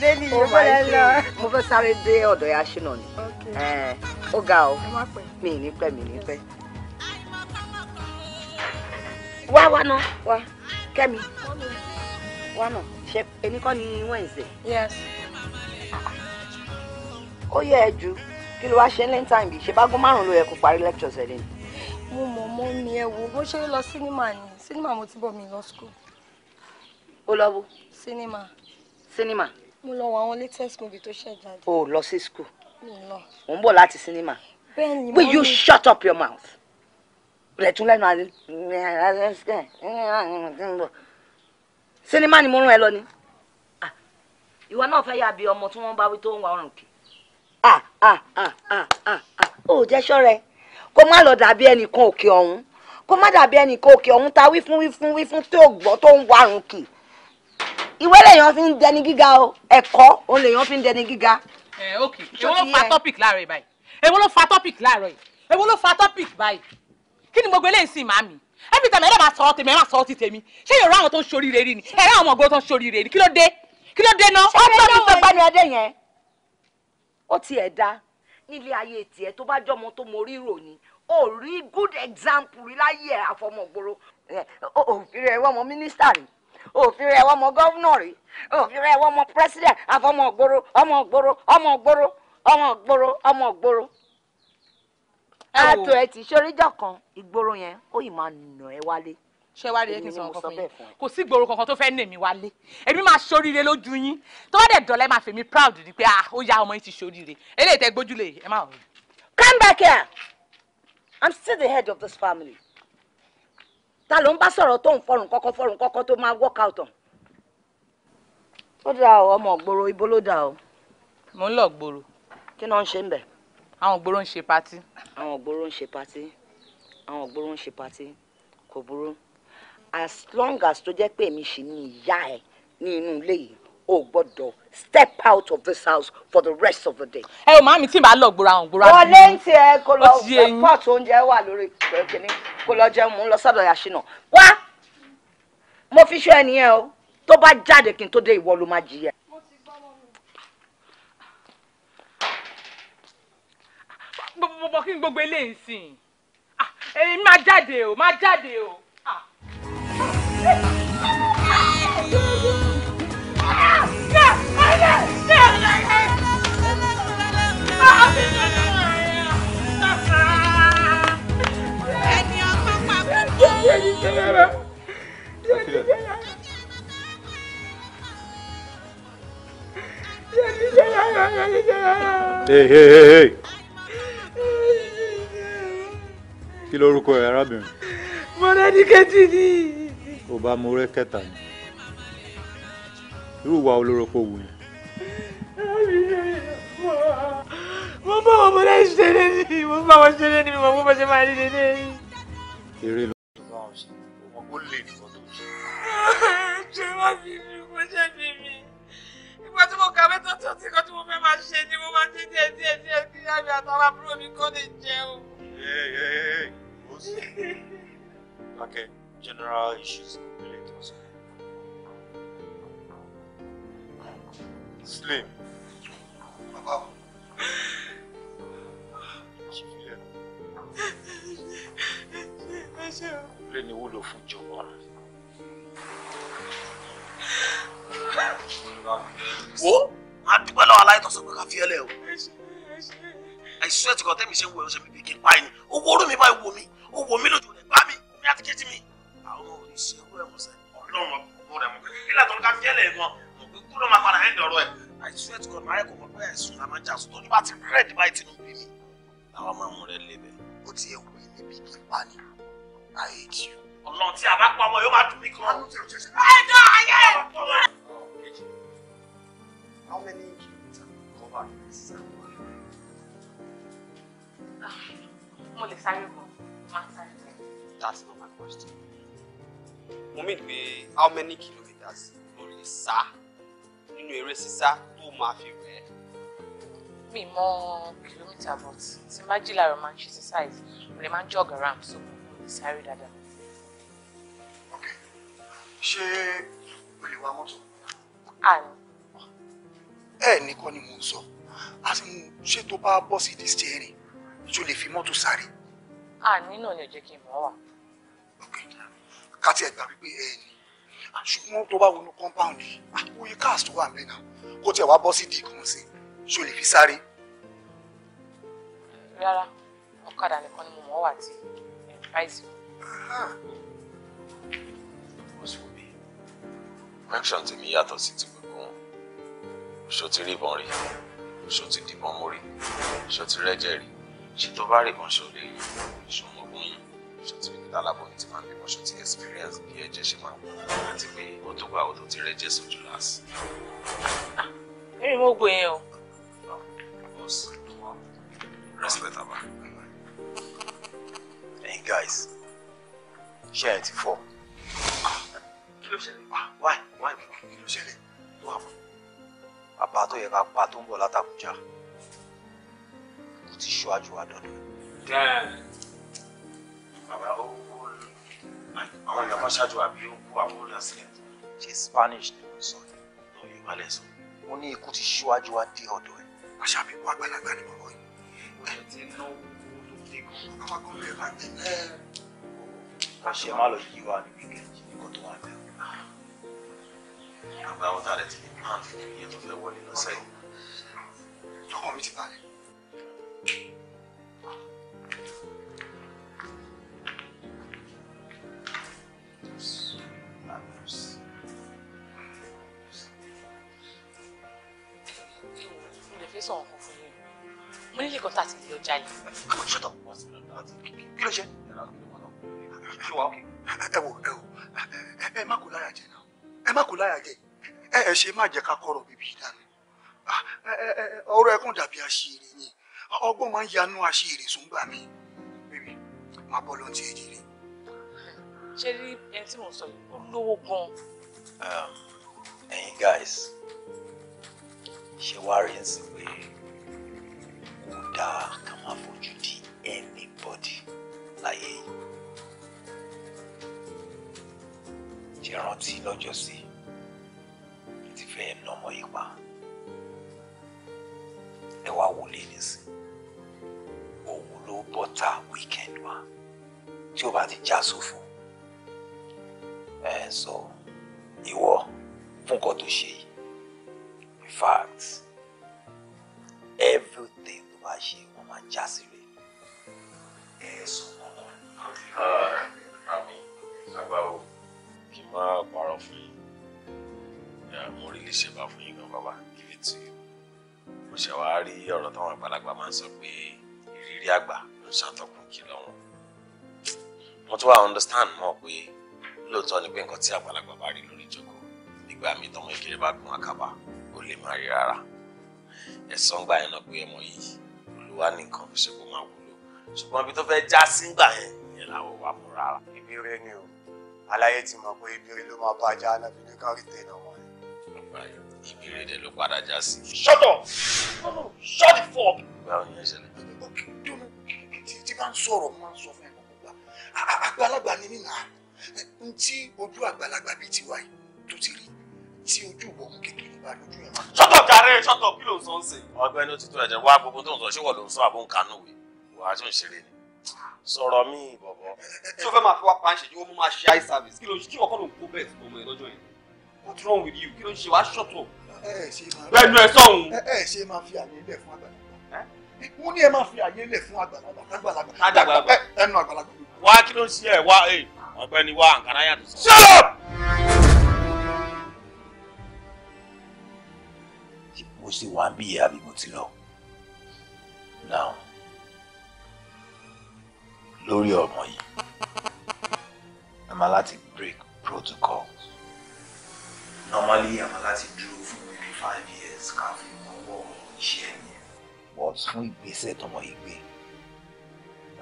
lẹ́ni yìí bọ́lá lọ. mo fẹ́ sáré dé ọ̀dọ̀ ya ṣínà ni ó ga ọ mi ní pẹ́ mi ní pẹ́. wá wá ná wá kẹ́mi wá ná ṣe èmi kọ́ ni wẹ́ǹsì. ó yẹ ẹ ju kí ló wá ṣe ń lẹ́ńtà ìbí ṣe bá gún márùn-ún ló yẹ kó parí lectures ẹ̀ lẹ́nu. mo mọ̀ mọ́ mi ẹ wo bó ṣe lọ sínímà ni sínímà mo ti bọ̀ mi lọ school. ó lọ wo. sínímà. sínímà mo lọ wọ àwọn latest movie tó ṣẹ̀ jáde. o lọ sí school. mi lọ. mo ń bọ̀ láti sinimá. bẹ́ẹ̀ni mo ní. will you shut up your mouth. rẹ̀ tún lẹ́nu àdé. sinimá ni mo rán ẹ lọ ni. Ah, ìwọ náà fẹ́ yà bí ọmọ tí wọ́n bá wí tó ń wa ọrùn kì. ó ah, ah, jẹ́ ṣọ́rẹ́ kó má lọ dàbí ẹnìkan òkè ọ̀hún kó má dàbí ẹnìkan òkè ọ̀hún ta wí fún wí fún wí fún tó gbọ́ tó ń wa ọrùn kì ìwé lèèyàn fi ń dẹni gíga o ẹ̀kọ́ òun lèèyàn fi ń dẹni gíga. ẹ ok èwo ló fa topic láàárọ̀ yìí báyìí èwo ló fa topic láàárọ̀ yìí èwo ló fa topic báyìí kí ni gbogbo eléyìí sì máa mi ẹbí tẹ̀mí ẹ̀rẹ́ máa sọ̀rọ̀ tèmi ẹ̀rẹ́ máa sọ̀rọ̀ ti tèmi ṣé yóò ráwọn tó ń ṣoríire rí ni ẹ̀rẹ́ àwọn ọmọ tó ń ṣoríire rí kí ló dé kí ló dé ná. ṣé ẹni ló ń gbani adé yẹn ó tiẹ̀ dá nílé ayé tiẹ̀ tó bá jọmọ tó mọ ríro ni ó rí good example rí láyé àfọmọ̀gbòrò òfin rẹ̀ wọ́n mọ mínísítà rèé òfin rẹ̀ wọ́n mọ gọ́vnọ̀ rí òfin rẹ̀ wọ́n mọ president àfọmọ ògbóró ọmọ ògbóró ọmọ ògbóró ọmọ ògbóró ọmọ ògbóró. àtò ẹ ti ṣoríjọ kan ìgboro yẹn ó yìí máa nà ẹ wálé ṣé wá rí ẹ kí n sọ nǹkan fún yín kò sí ìgboro kankan tó fẹ́ nà mí wálé èmi máa ṣoríire lójú yín tó bá dẹ̀ dọ̀lẹ́ máa fèmí proud ni pé ah ó yá ọmọ yín ti ṣoríire eléyìí tẹ gbójúlé ẹ máa wọ. Come back here. I'm still the head of this family ta ló ń bá sọ̀rọ̀ tó ń fọrùn kọ́kọ́ fọrùn kọ́kọ́ tó máa work out on. ó dà ọ ọmọ ògbóró ibo ló dà ọ. mo ń lọ gbòòrò. kí ni wọ́n ṣe ń bẹ̀. àwọn ògbóró ń ṣe patí. àwọn ògbóró ń ṣe patí àwọn ògbóró ń ṣe patí kò burú as long as tó jẹ́ pé èmi ṣì ní ìyá ẹ̀ ní inú ilé yìí o gbọ́dọ̀ step out of this house for the rest of the day. ẹ o màmí tí màá lọ gbòòrò àwọn gbòòrò àdúgbò. wọlé ń tiẹ kó lọ pot oúnjẹ wà lórí kìnìún kó lọ jẹun mò ń lọ sọ́dọ̀ yàṣínà wá mo fi ṣọ́ ẹnìyẹn o tó bá jáde kí n tó dé ìwọ ló máa jìyà. bọ̀bọ̀ kí n gbogbo eléyìí sìn èmi máa jáde o máa jáde o. jẹyàrá yóò ti jẹyàrá yóò ti jẹyàrá yóò ti jẹyàrá. hey hey hey hey kí lorúkọ ẹ arábìnrin. mọ̀lẹ́dí kẹ́tì ni. ò bá mo rẹ́ kẹta ni irú ìwà olórúkọ wù yẹn. mo bá wọn mọ̀lẹ́dí ṣeré ni mo bá wọn ṣeré ni mo mọ̀ bó ṣe máa rí lélẹ́yìn. eré ò ṣe ọmọ kó lè nìkan tó ṣe. ṣé wọ́n fi mi kó ṣe fi mi ìgbà tí mo kàwé tó tó tí kan tí mo fẹ́ máa ṣe ni mo máa ṣe díẹ̀ díẹ̀ díẹ̀ kí àmì àtàwọn àbúrò mi kó lè jẹun. ó sì kàkẹ́ general issues kò tó sọ. Slim. Bàbá o. Ṣé fi lẹ́nu? lè ní wúlò fún jọ̀wọ́. wo a dúpẹ́ lọ́wọ́ aláìtọ́ pé ká fi ẹ o I swear to God tẹ́mi ṣe ń wo ẹ̀ ṣe bèbè kí n owó orí mi báyìí wo mi ó mi lójú rẹ̀ bá mi omi àti kejì mi àwọn oníṣẹ́ owó ẹ̀ sẹ́ ọlọ́run ọ̀pọ̀ rẹ̀ mọ̀ pé kílẹ̀ ká fi ẹ gan mọ̀ pé kúrò máa padà ẹ̀ dọ̀rọ̀ ẹ̀ I swear to God máa yẹ mọ̀ pé ẹ̀sùn la jà sùn bá ti rẹ̀ dì báyìí bí mi làwọn máa mú rẹ̀ lébẹ̀ ó ti yẹ wọ hate you. How many kilometers cover is that? Ah, mo lè That's not my question. Mo mean how many kilometers Only lè You know, eré sísá tó máa fi rẹ̀ ẹ́? mi but tí n bá jí láàárọ̀ máa ń ṣe exercise mo lè jog around so sáré dáadáa. ok ṣé o lè wa mọ́tò. àná. ẹ nìkan ni mò ń sọ àti ṣé tó bá bọ́ sí dísítẹ́rì tó lè fi mọ́tò sáré. àní náà ni ò jẹ́ kí n mọ̀ wá. ok ká tiẹ̀ gbà wípé ẹ ní ah, ṣùgbọ́n tó bá wọnú compound yìí oye ah, cars tó wà ń bẹ náà kó tiẹ̀ wá bọ́ sí di ìkan sí ṣó lè fi sáré. rárá ọ̀kadà nìkan ni mo mọ̀ wá tí surprise you. me reaction tèmi yàtọ̀ sí ti gbogbo wọn. Ṣo ti rí ìbọn rí? Ṣo ti dìbọn mú rí? Ṣo ti rẹ́jẹ̀ rí? Ṣé tó bá rí ìbọn ṣo lè rí? Ṣo mo gún yín? Ṣo ti rí kíta aláboyún ti máa ń bímọ? Ṣo ti experience bí ẹ̀jẹ̀ ṣe máa ń pọ̀? Àti pé ó tó gba òtò ti rẹ́jẹ̀ sójú láàsì. Eré ah, mo gbé yẹn o. Bọ́sì, respect àbá guys share it for. why why kí ló ṣẹlẹ̀ tó hàn. bàbá tó yẹ ká pa tó ń bọ̀ látàkùjá kò ti ṣọ́ájú wa dandan. bàbá ó àwọn èèyàn kan ṣáájú àbí ó kú àwọn olùdásílẹ̀. ṣe Spanish ni mo sọ yìí. lọ yóò má lẹ sọ. ó ní ikú ti ṣíwájú wa dé ọ̀dọ̀ ẹ̀. àṣà mi kú àgbàlagbà ni bàbá yìí. ó ti náwó ṣe má mo nílé kan tá a ti di ọjà yìí. shut up kí ló ṣe. ẹ wo ẹ wo ẹ má kó láyà jẹ náà ẹ má kó láyà jẹ ẹ ẹ ṣe má jẹ ká kọrọ bíbí ìdáná ọ̀rọ̀ ẹkún dàbí àṣírí ni ọgbọ́n máa ń yanú àṣírí sùngbà mi bíbí má bọ́ ló ń ti èjì rí. ṣé rí ẹni tí mo sọ yìí ó lówó gan-an. Um, ẹ̀yin guys ṣé wàá rí ẹ̀ sí pé dáa ká má fojú di anybody láyé yìí. ṣe rántí lọ́jọ́ sí i ti fẹ́ nọmọ yìí pa ẹ wá wọlé nísìn òun ló bọ́tà weekend wa tí ó bá ti já sófo ẹ sọ ìwọ fún nǹkan tó ṣe yìí in fact everything bá ṣe wọ́n máa já sí rẹ̀ ẹ̀sùn kankan ni. Ah, àmì àgbáwo kí n má parọ́ fún yín mo rí lè ṣèbá fún yín gan bàbá give it to you mo ṣe wá rí ọ̀rọ̀ táwọn àgbàlagbà máa ń sọ pé ìrírí àgbà ló ń ṣàtọkùn kìlọ̀ wọn mo tún wá understand mọ́ pé lóòótọ́ ni pé nǹkan tí àgbàlagbà bá rí lórí ìjókòó nígbà míì tọmọ ìkéré bá gun àkàbà ó lè má rí rárá ẹ̀sán gbà yẹn náà pé ẹmọ yìí wá nìkan fi ṣe kó máa wúlò ṣùgbọ́n ibi tó fẹ́ já sígbà yẹn ìyẹn làwọn wà mú rárá. ibi rẹ ni o aláyé ti mọ̀ pé ibi rẹ ló máa bá ajá náà ní kárí tẹ̀lé ọmọ ibi rẹ dẹ̀ ló padà já sí. shut up no no shut the fuck. ìgbà wo ni ẹ ṣẹlẹ̀. tí bá ń sọ̀rọ̀ máa ń sọ fún ẹ̀kọ́ gbogbo àgbàlagbà ni nínà ntí ojú àgbàlagbà bíi tiwa yìí tó ti rí tí ojú ìwọ̀n kékeré bá lójú ẹ̀ máa. sọ́tọ̀ jàre sọ́tọ̀ kí ló ń sọ ń sè. ọ̀gbẹ́ni ó ti tó ẹ̀jẹ̀ wá gbogbo tó ń sọ ṣé wọ́n ló ń sọ àbó ń kanú wèé wàá tún ṣeré ni sọ̀rọ̀ mi bọ̀bọ̀. tí o fẹ́ máa fi wá pa àṣẹjú wọn máa ṣe eye service kí ló ń ṣe kí ọkọ ló ń kó bẹ́ẹ̀ fún ọmọ ẹ lọ́jọ́ yẹn what's wrong with you kí ló ń ṣe wàá ṣọ̀tọ̀. bẹ́ẹ̀ni ẹ sọ̀hún. ẹ ṣe máa fi àyè lẹ̀ fún àgbàlagbà wọ́n ní ẹ máa fi àyè lẹ̀ fún àgbàlagbà mo sì wà bí àbí mo ti lọ. now lórí ọmọ yìí a máa láti break protocol normally a máa láti dúró fún maybe five years ká fi mọ́wọ́ iṣẹ́ yẹn but fún ìgbésẹ̀ tọmọ yìí gbé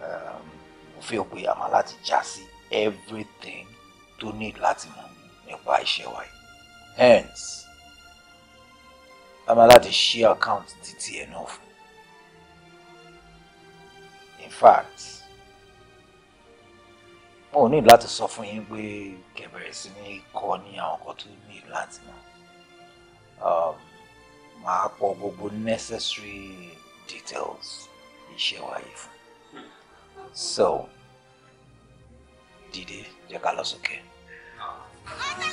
um, mo fẹ́ pé a máa láti já sí everything tó ní láti mọ̀ nípa iṣẹ́ wa yìí hence. I'm allowed to share account títí enough. in fact mo ò ní to suffer him with pé kẹ̀bẹ̀rẹ̀ sí ní kọ́ ní àwọn kan tó ní um, necessary details iṣẹ́ wa yìí so dìde jẹ́ ká lọ Okay.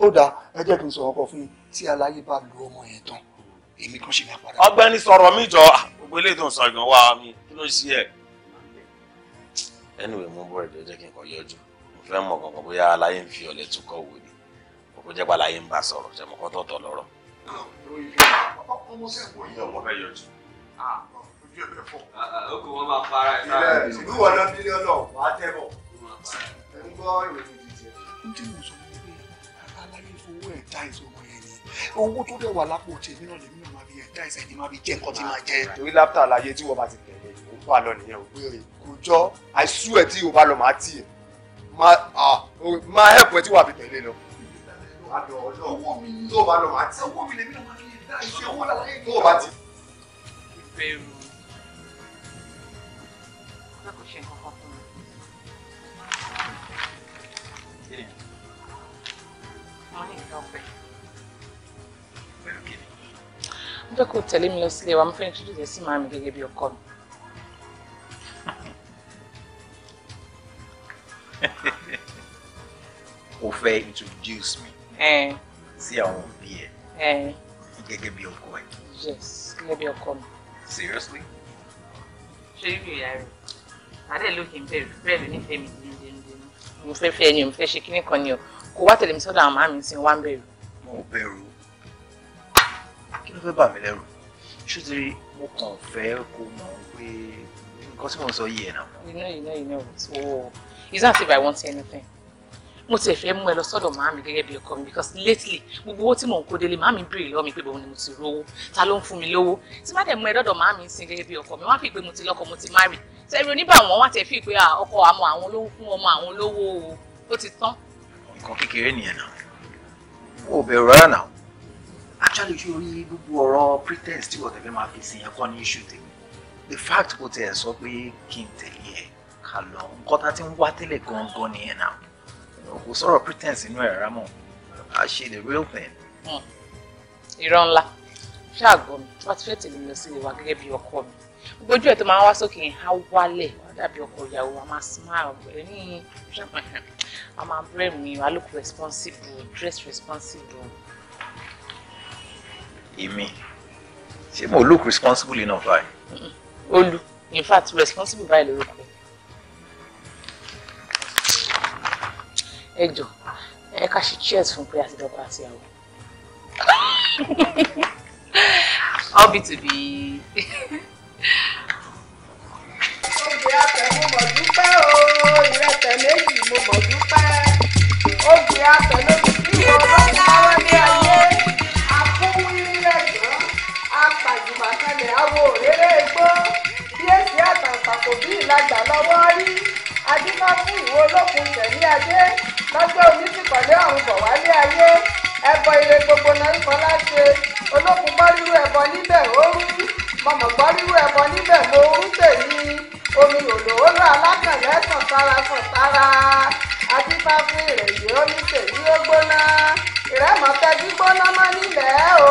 ó dáa ẹ jẹ́ kí n sọ ọkọ fún mi tí aláyé bá lu ọmọ yẹn tán èmi kan ṣe máa padà. ọ̀gbẹ́ni sọ̀rọ̀ mi jọ ah, gbogbo eléyìí tó ń sọ ìgbọ̀n wá mi kí ló ṣe ẹ. anyway mo bọ̀rẹ̀ tó jẹ́ kí n kọ yọjú mo fẹ́ mọ̀ kankan bóyá aláyé ń fi ọ̀lẹ́ tún kọ́ wò ni kò jẹ́ pé aláyé ń bá sọ̀rọ̀ ṣe mọ̀kọ́ tọ̀tọ̀ lọ́rọ̀. ọmọ sẹ́kọ̀ọ́ yẹn ọmọ fẹ́ yọjú ojú ẹ̀fẹ̀ fọ́. okùn wọn máa fara ẹ̀ sáà. ilé ìlú wọn ẹ̀ntáìsì owó yẹn ni owó tó dẹ̀ wà lápò tèmi náà lèmi náà máa fi ẹ̀ntáìsì ẹni máa fi jẹ nǹkan tí máa jẹ. torí lápútà láyé tí wọ́n bá ti tẹ̀lé ìwọ wà lọ nìyẹn òwe rẹ̀ kò jọ àìsú ẹ̀ tí ìwọba lọ máa tì ẹ̀ máa help ẹ̀ tí wà fi tẹ̀lé lọ. tó o bá lọ máa tì owó mi lèmi náà máa fi ẹ̀ntáìsì owó láyé tó o bá ti. ìbẹ̀rù Morning, Dolphin. mo fẹ́ kó tẹ̀lé mi lọ sílé wa mo fẹ́ introduce ẹ sí màmí gẹ́gẹ́ bí ọkọ mi. <laughs> o fẹ́ introduce mi sí àwọn òbí ẹ gẹ́gẹ́ bí ọkọ ẹ. yes gẹ́gẹ́ bí ọkọ mi. seriously. ṣé ibi ìyá rẹ̀ àárẹ̀ lókè ń bẹ̀rù bẹ́ẹ̀ ló nífẹ̀ẹ́ mi ní ilé ní mo fẹ́ fẹ́ ẹni o mo fẹ́ ṣe kíní kan ni o kò wá tẹ̀lé mi sọ́dọ̀ àwọn màmí sí wá ń bẹ̀rù. mo bẹ̀rù fẹ́ bà mí lẹ́rù ṣùtìrì mo kàn fẹ́ kó mọ̀ pé nǹkan tí mo sọ yìí ẹ̀ náà. you know you know you know it's war it's not if I want anything mo ti fẹ́ mú ẹ lọ sọ́dọ̀ màámi gẹ́gẹ́ bí ọkọ mi because lately gbogbo owó tí mò ń kó délé màámi béèrè lọ́wọ́ mi pé bòun ni mo ti rówó ta ló ń fún mi lówó tí má dẹ̀ mú ẹ dọ́dọ̀ màámi ń sin gẹ́gẹ́ bí ọkọ mi wọ́n á fi pé mo ti lọ́kọ mo ti marry sẹ́rí oníbàwọ̀n wá tẹ̀ fi pé ọkọ àmọ́ àwọn ló ń fún ọmọ àwọn lówó o ó ti tán. nǹkan kékeré nìyẹn náà o ò bẹ̀rù rárá náà actually ṣe orí gbogbo ọ̀rọ̀ pretext tí wọ́tẹ̀fẹ́ máa fi sìn ẹ̀kọ́ ní iṣu tèmi the fact kò tẹ̀ sọ pé kí n tẹ̀lé ẹ̀ kà lọ nǹkan tá ti ń wá tẹ́lẹ̀ gangan nìyẹn náà kò sọ̀rọ̀ pretext inú ẹ̀ rárá mọ́ a ṣe the real thing. Hmm. irọ́ ńlá ṣáàgọ́ mi tí wọ́n ti fẹ́ tẹ̀lé mi lọ sí ìwà gẹ́gẹ́ bí ọkọ mi gbójú ẹ̀ tó máa ń wá sókè yẹn á wálẹ̀ wá dàbí ọkọ ìyàwó a máa smile ẹ̀ ní <laughs> a máa blame mi wà á look responsible dress responsible. Imi. ṣé mo look responsible enough báyìí. Hmm. Olu, in fact responsible by lórúkọ ẹ jọ ẹ ká ṣe cheers fún pé àti dọ́kọ̀ àti àwọn. how be to be. oge afẹ́ mo mọ̀ dúpẹ́ o ìrẹsẹ̀ méjì mo mọ̀ dúpẹ́ oge afẹ́ lóbi tí mo mọ̀ dúpẹ́. àwọn egbo igbó bí èsì àtàǹpàkò bí ìlàgbà lọ́wọ́ rí adímọ́ fún ìwọ olókun tẹ̀lé ajé lọ́jọ́ onísìkọ̀lé ọ̀run bọ̀ wálé ayé gbogbo na ṣe olókun gbọ́ rírú ẹbọ níbẹ̀ ó rú mọ̀mọ̀ ẹbọ níbẹ̀ mo rú omi lọ sàn sára sàn sára ìrẹ́mọ̀tẹ́ gbígbóná mọ́ nílẹ̀ o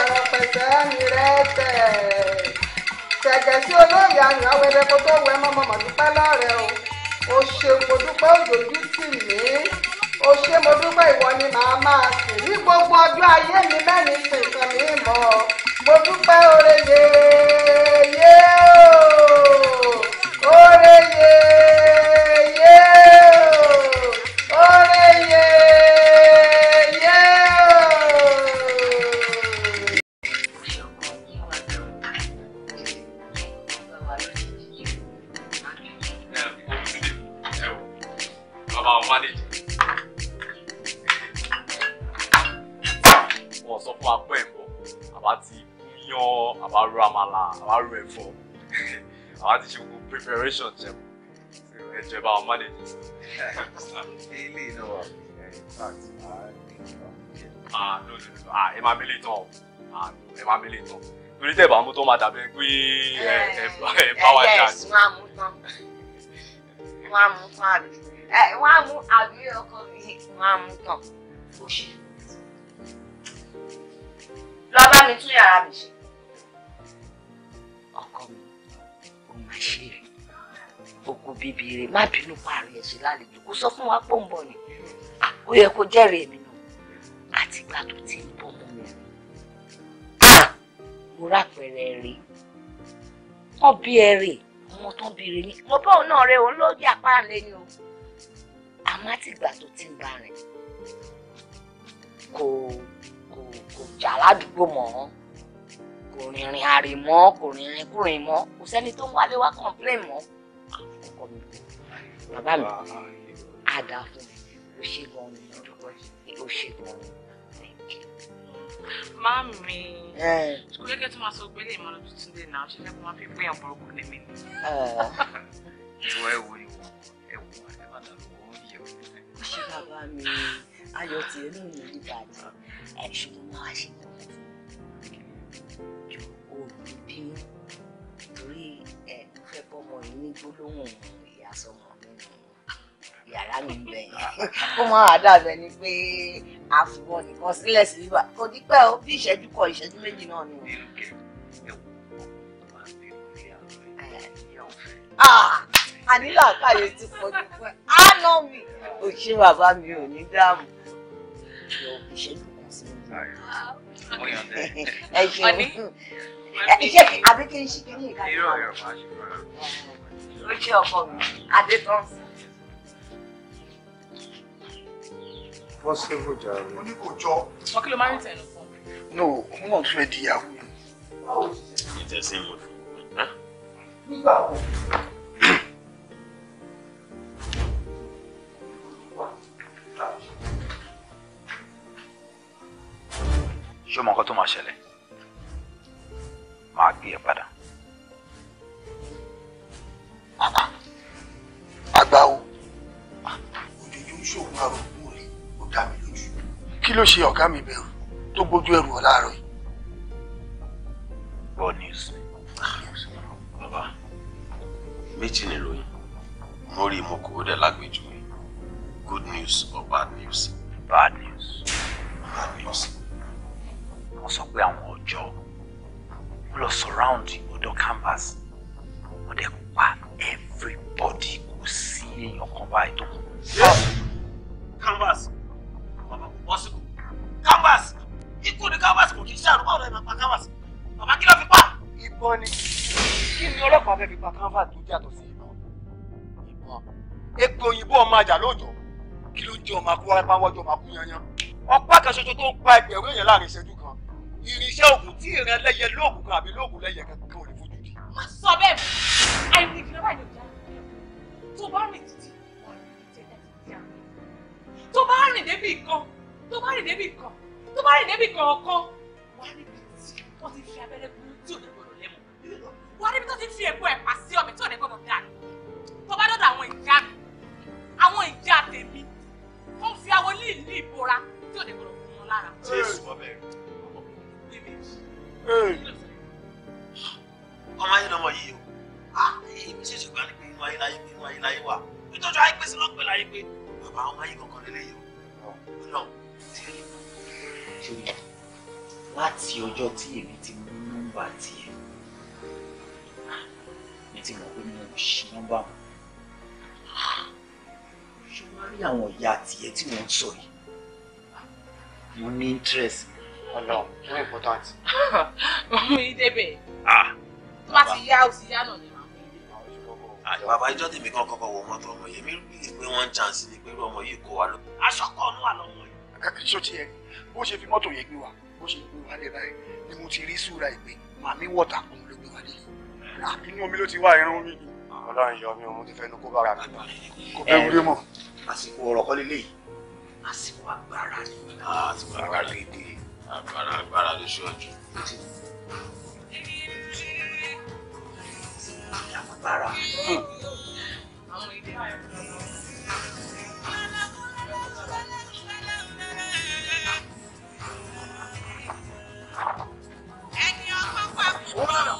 ẹ̀rọ pẹ̀sẹ̀ mi rẹ̀ tẹ̀. tẹ̀gẹ̀ sí gbogbo ọjọ́ ayé mi mẹ́rin sìn kan mi mọ́ mo dúpẹ́ oore àmàlà ah, àwa ro ẹ̀fọ́ àwa preparation jẹun ẹjọ bá wọn manage. ilé ah no no no ah ẹ máa mélé ah no ẹ máa mélé tán torí tẹ̀ bá mú tó máa dàbí pé ẹ ẹ ẹ bá wa jà. ẹ yes wọn á mú tán wọn àṣẹ òkú bíbí rẹ má bínú pààrọ̀ ẹ̀sìn lálejò kó sọ wa pọ̀ ń bọ̀ ni ó yẹ kó jẹ́rìí èmi nù àtìgbà tó ti ń bọ̀ mọ́ mi mo rápẹrẹ rè wọ́n bí ẹ rè ọmọ tó ń ni mo bá òun náà rẹ òun ló jẹ́ apá lẹ́yìn o àmọ́ àtìgbà tó ti ń bá rẹ̀ kò kò kò jà ládùúgbò mọ́ ọ́n kò rìnrìn àrè mọ́ kò rìnrìn kúrìn mọ́ kò sẹ́ni tó ń wálé wá complain mọ́ ẹ̀kọ́ mi bàbá mi àdá fún mi ó ṣe gan ni ó ṣe gan ni. Mami, ṣùgbọ́n gẹ́gẹ́ tó máa sọ pé lè máa lójú tún lè náà ṣe fẹ́ kó máa fi pín ọ̀pọ̀ òkú lé mi. Ìwọ ẹ̀wò ìwọ ẹ̀wò àdébàdà lọ́wọ́ yẹ̀ wọ́n. Ó ṣe bàbá mi, ayọ̀ tiẹ̀ ló ń yí bàjẹ́, ẹ̀ ṣùgbọ́n máa ṣe kọ́kọ́ ju òbí bínú torí ẹ fẹ́ bọ́mọ yìí ní gbólóhùn ìyá sọmọ nínú yàrá mi bẹ kó má wàá dàbẹ ni pé àfùgbọ́n nìkan sílẹ̀ sí bíbá kò ní pẹ́ ó bí ìṣẹ́jú kan ìṣẹ́jú méjì náà ni. ànílà káyé ti pọ̀jù fún ẹ àná mi ò ṣe bàbá mi ò ní dáàbò ìṣẹ́jú kan sí méjì ẹ ṣeun iṣẹ́ àbí kí n ṣí kí ní ìka ìrọ̀ ìrọ̀ máa ṣe rọra. ó jẹ́ ọkọ mi adé tán sí. wọ́n ṣe kò jà rẹ̀. wọ́n ní kò jọ. wọ́n kí ló máa ń tẹ̀ ẹnu fún. no mo náà fẹ́ di yahoo. ìtẹ̀sí mo fi wọ́n. nígbà wo. ṣé o mọ nǹkan tó máa ṣẹlẹ̀ máa gbé ẹ padà. àgbà o òjòjò ń ṣòwò àròkù rẹ ó dá mi lójú. kí ló ṣe ọ̀gá mi bẹ̀rù tó gbójú ẹrù ọ̀ láàárọ̀ yìí. bọ́ news bàbá méjì nìròyìn mo rí mo kò dẹ̀ lágbèjúwe good news or bad news. bad news. bad news wọ́n sọ pé àwọn ọjọ́ wọ́n lọ surround odò canvas wọ́n dẹ̀ pa everybody kò sí èèyàn kan báyìí tó kù. canvas bàbá kò bọ́ síkù canvas ikú ni canvas kò kí ń ṣàrùbá ọ̀rọ̀ ìmọ̀ pa canvas bàbá kí ló fi pa. ìbọn ni kí ni ọlọ́pàá fẹ́ fi pa canvas tó yàtọ̀ sí ìbọn ìbọn egbò òyìnbó ọmọ àjà lóòjọ́ kí ló ń jẹ ọmọ akú wáyé pàwọ́jọ́ ọmọ akú yanyan ọpá kan ṣoṣo tó ń pa ẹgbẹ̀rún èèyàn láàrin ìṣẹ́jú irinṣẹ́ ògùn tí ìran ẹlẹ́yẹ lóògùn kan àbí lóògùn lẹ́yẹ kankan ò lè fojú di. má sọ bẹ́ẹ̀ mọ́ àìní ìjọba yóò já tó bá rìn títí wà ní ìjẹta títí àná tó bá rìn débi kan tó bá rìn débi kan tó bá rìn débi kan ọkọ wà níbi tí wọ́n ti fi abẹ́rẹ́ kú tí ò lè gbọdọ̀ lẹ́mọ̀ wà níbi tó ti fi èpo ẹ̀pà sí ọ̀bẹ tí ò lè gbọdọ̀ dànù tó bá dọ̀dọ̀ àwọn ìyá mi àwọn ìyá tèmi wọ́n fi awolí ìlú ìbora tí ò lè gbọdọ̀ kùn wọn lára. jésù ọbẹ̀ rẹ̀ ọmọ ayé lọmọ yìí o ah, èmi sì ti gbà ní pé inú ayé láyé pé inú ayé láyé wà ìtọ́jú ayé pé lọ́pẹ́ láyé pé bàbá ọmọ ayé kankan lélẹ̀ yìí o ọlọ́run ti rí ṣòrí láti ọjọ́ tí èmi ti mú nọ́mbà tiẹ̀ mi ti mọ̀ pé mo ṣí nọ́mbà mọ́ ṣé àwọn ìyá tiẹ̀ tí wọ́n ń sọ yìí mo ní interest ọ̀nà kí ni important. <laughs> mọ̀mú yìí débẹ̀. Ah. tó bá ti yá o ti yá náà ni màá mú yìí. Ah, bàbá ìjọ tèmi kan kọ́kọ́ wọ mọ́tò ọmọ yìí mi rí i pé wọ́n ń chance ni pé irú ọmọ yìí kó wa lọ. aṣọ kan ló wà lọ́mọ yìí. kàkiri sọ ti yẹ bó ṣe fi mọ́tò yẹn gbé wa bó ṣe gbé wa lé báyìí ni mo ti rí súra ìgbé màmí wọ̀tà kún ló gbé wa ah, lé àsìkò ọ̀rọ̀ kọ́lé lé àsìkò agbára ni àsìkò agbára gidi agbára agbára ló ṣe ọjọ́. agbára. Wow.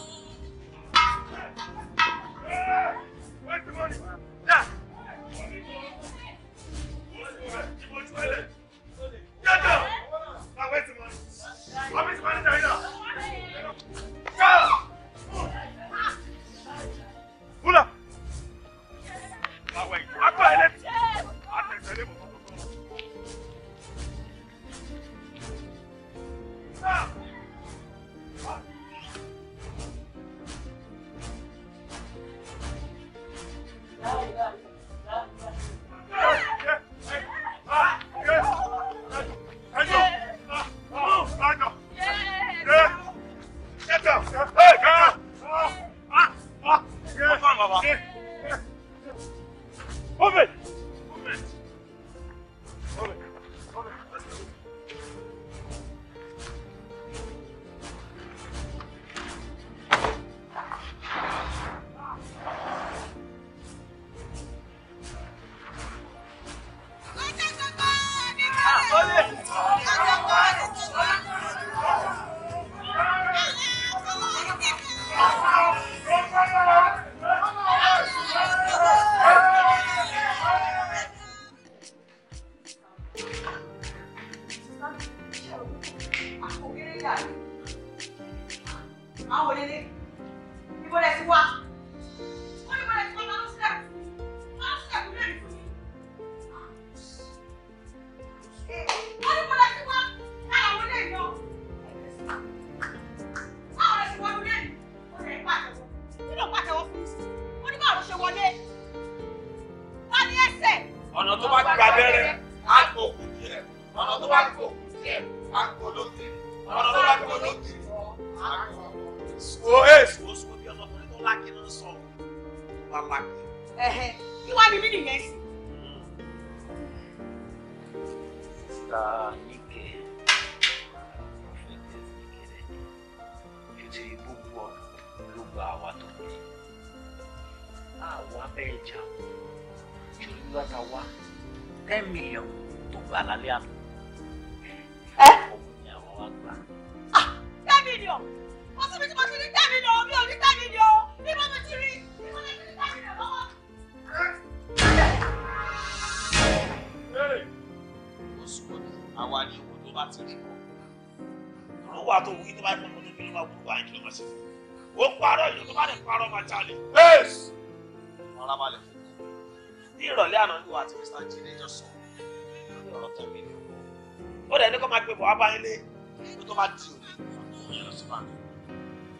ajínigbọ̀ sọ ọ̀rọ̀ tó mi ni ó dẹ̀ ní kó máa gbé bọ̀ wá bá ilé ó tó máa di òní ìyẹn lọ sí báyìí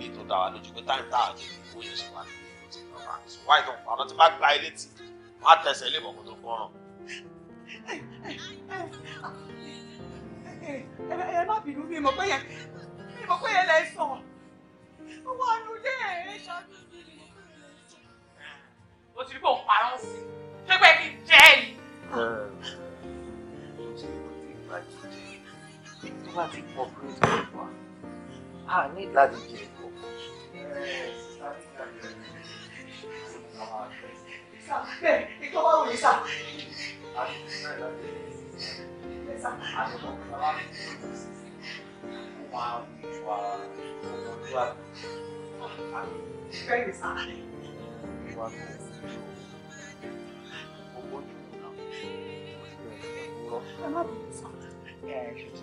èyí tó dà wá lójú pé táyì tá àti ìwé yẹn sọ báyìí ó ti lọ bá sọ wáyé tó ń pa ọ̀nà tí bá gba ilé tì wọ́n á tẹ̀sẹ̀ ilé ìbọ̀kú tó fọ́ràn. ẹ má bínú mi mọ̀ pé yẹn mi mọ̀ pé yẹn lẹ́ sọ̀ wọ́n á nu ilé ẹ̀ ṣáájú mi. ó ti rí pé òun parọ́ sí i ṣé pé kí n jẹ́ ẹ̀yìn tó Thank you, gbọ́. ẹ má bọ̀ sọ. ẹ ṣe ti àìjà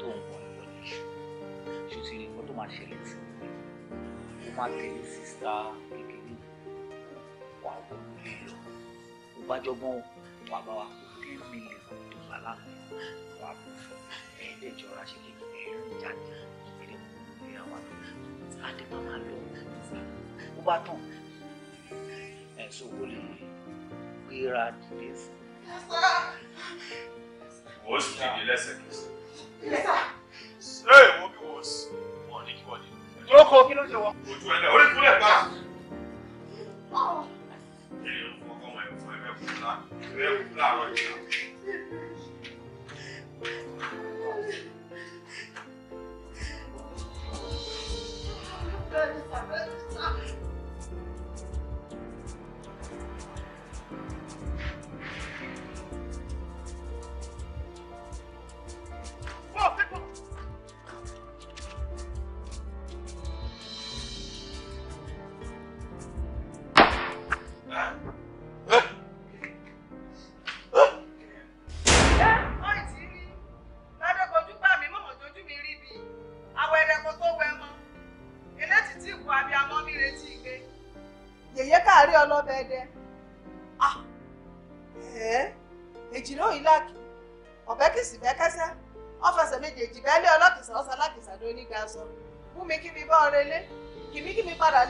lóòótọ́ nǹkan ìwọ ni ṣù ṣù ti rí nǹkan tó máa ṣẹlẹ̀ sí i ó máa tẹ̀lé sísá kékeré wà wọ ilé lọ ó bá jọgbọ́n wà bá wa kó ten million tó bá lánàá ẹ̀sùn wo lè gbéra dìde fún. wò ó sì dìde lẹ́sẹ̀kẹsẹ̀. ṣé èwo bí wò ó sì wọ́n kí wọ́n dé. ìjókòó kí ló ṣe wọ́n. ojú ẹ̀ lẹ́wọ́ lè pa. èyí ló fọwọ́ ọmọ ẹ̀fọ́ ẹ̀fẹ́ kú ẹ̀fẹ́ kú láàárọ̀ yìí. Thank you.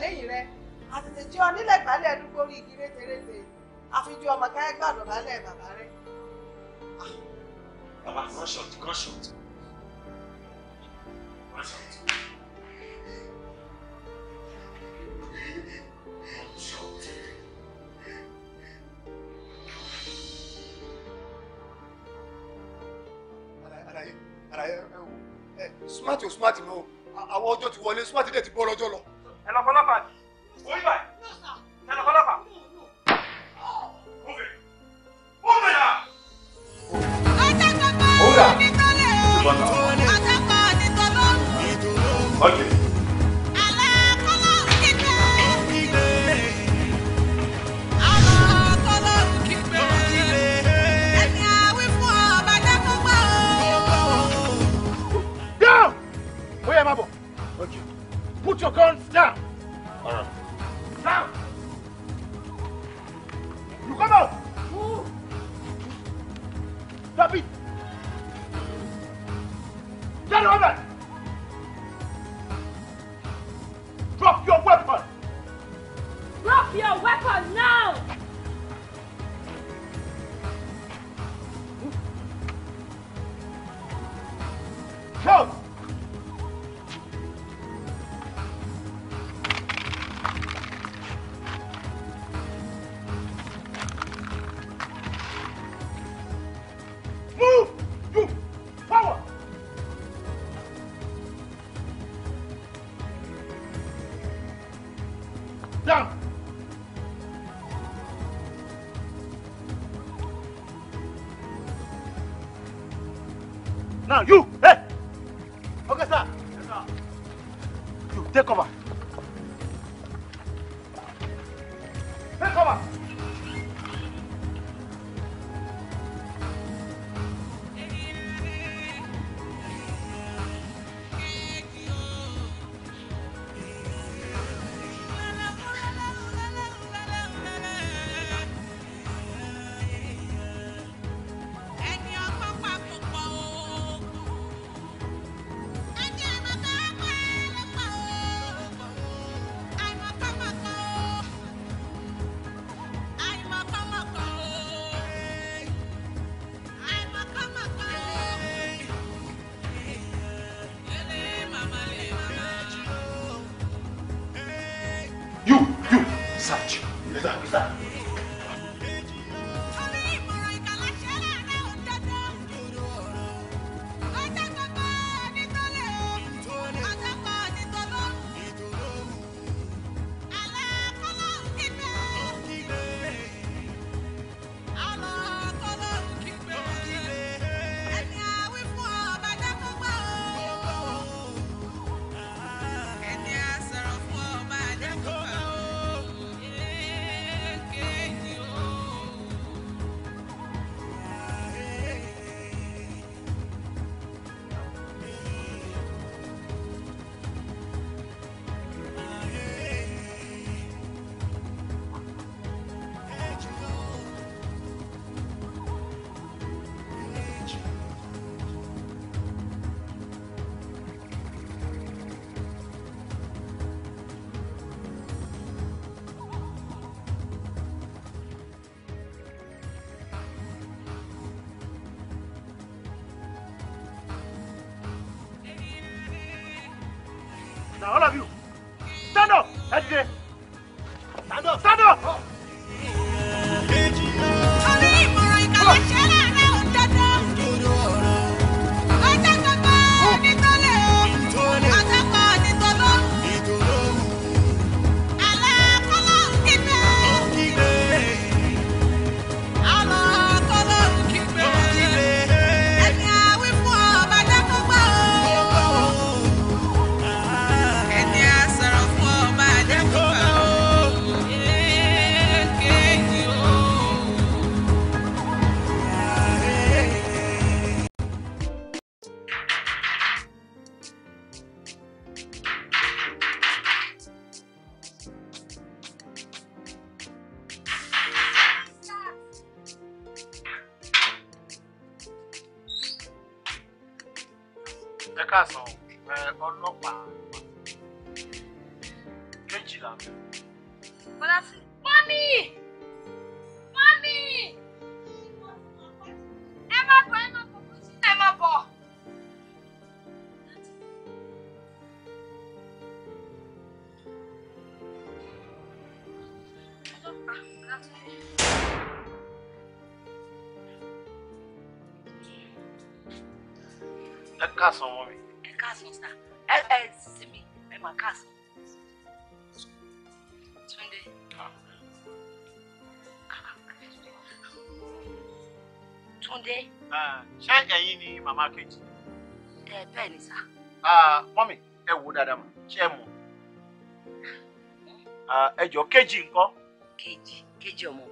lẹ́yìn rẹ àtètè jí ọ nílẹ̀ gbálẹ̀ ẹnu gbórí igi rétérété àfijú ọmọ káyẹ́ gbàdọ̀ lálẹ́ bàbá rẹ. bàbá kan shot kan shot kan shot. Smart o smart no, àwọn ọjọ́ ti wọlé, smart dẹ̀ ti bọ́ lọ́jọ́ lọ ẹ lọ fọlọ́pàá bí oyún báyìí ẹ lọ fọlọ́pàá. Okay. Put your guns down. All right. Down. You come out. Stop it. Get over. caso casa. tunde ah Ṣé ẹ̀yin ni màmá kejì? Ẹ bẹ́ẹ̀ ni sá. Ah, mọ́mì, ẹ wò dáadáa mọ̀, ṣé ẹ mọ̀? Ah, ẹ jọ kejì ńkọ́? Kejì, kejì ọmọ.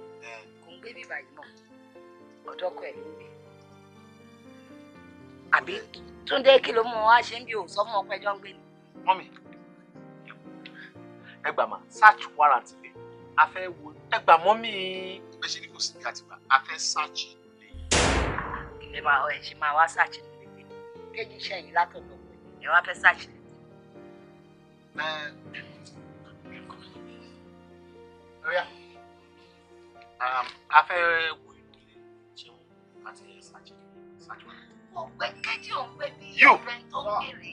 Kò ń gbé bí báyìí mọ̀. Ọ̀dọ́ ọkọ ẹ̀ ló ń gbé. Àbí Túndé kí ló mú wa ṣe ń bí òun sọ fún ń gbé ni? Mọ́mì, ẹgbàmà search warrant lè a fẹ́ wo ẹgbàmọ́ mi. bẹ́ẹ̀ ṣe ni kò sí ní àtìgbà a fẹ́ search lè. ẹ máa ẹ ṣe máa wá search lè dé kéjì iṣẹ́ yìí látọ̀dọ̀ pé ẹ wá fẹ́ search lè dé. lọ́yà a fẹ́ wo inú ilé jẹun àti search lè search warrant. ọ̀pẹ bíi ọ̀pẹ tó kéré.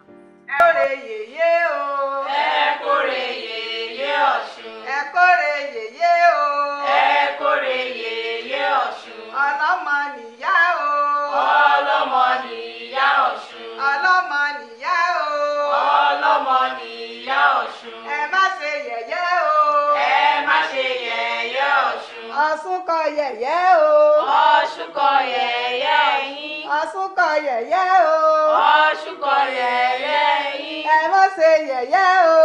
ẹ kórè yèyé o. ẹ kórè yèyé ọ̀ṣun. ẹ kórè yèyé o. ẹ kórè yèyé ọ̀ṣun. ọlọ́mọ nìyá o. ọlọ́mọ nìyá ọ̀ṣun. ọlọ́mọ nìyá o. ọlọ́mọ nìyá ọ̀ṣun. ẹ má ṣe yẹ̀yẹ́ o. ẹ má ṣe yẹ̀yẹ́ ọ̀ṣun. ọ̀ṣun kọ yẹ̀yẹ́ o. ọ̀ṣun kọ yẹ̀yẹ́ yín. ọ̀ṣun kọ yẹ̀yẹ́ o. ọ̀ṣun kọ yẹ̀yẹ́ yẹ̀yẹ́ o.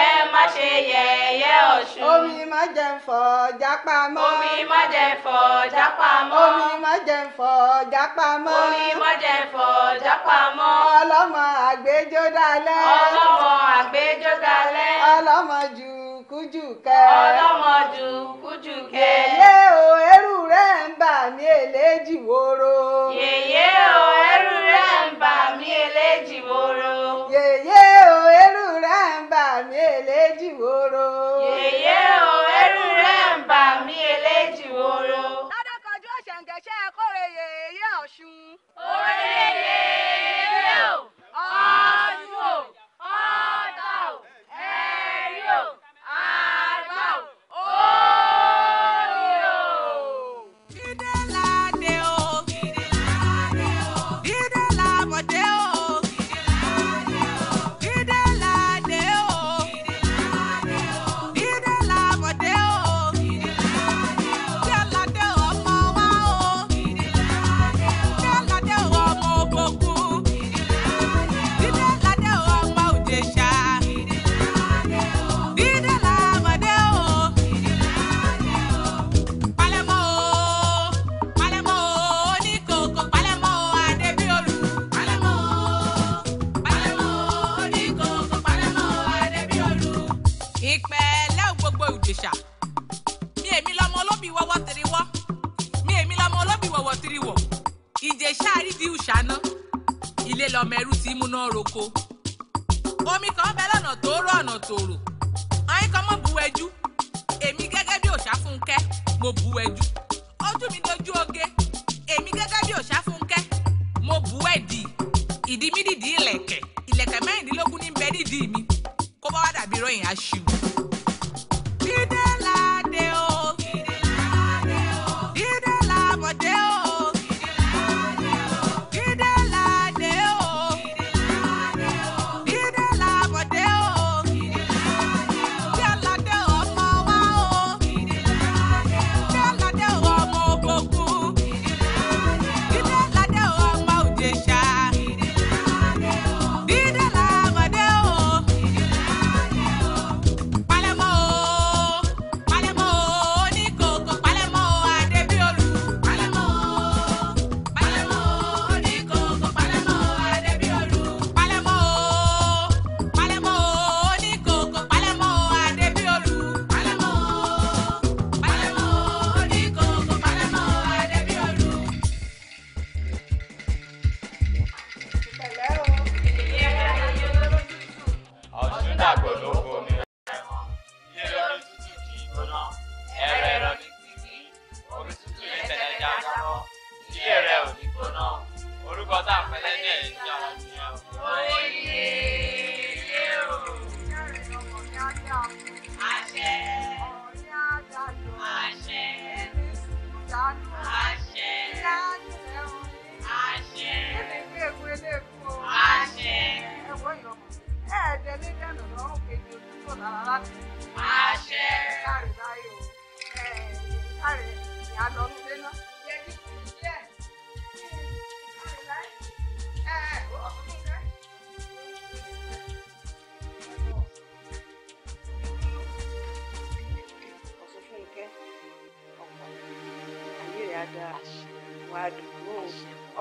ẹ má ṣe yẹ̀yẹ́ ọ̀ṣun. omi má jẹ́ ń fọ́ jápá mọ́. omi má jẹ́ ń fọ́ jápá mọ́. omi má jẹ́ ń fọ́ jápá mọ́. omi má jẹ́ ń fọ́ jápá mọ́. ọlọ́mọ àgbéjó dalẹ̀. ọlọ́mọ àgbéjó dalẹ̀. ọlọ́mọ jù kújù kẹ. ọlọ́mọ jù kújù kẹ. yẹ̀yẹ́ o ẹrù rẹ̀ ń bà mí èléjì wóró. yẹ̀yẹ́ o ẹrù rẹ̀ ń bà mí èléjì wóró mi èlé jìwòrò. yèyé o.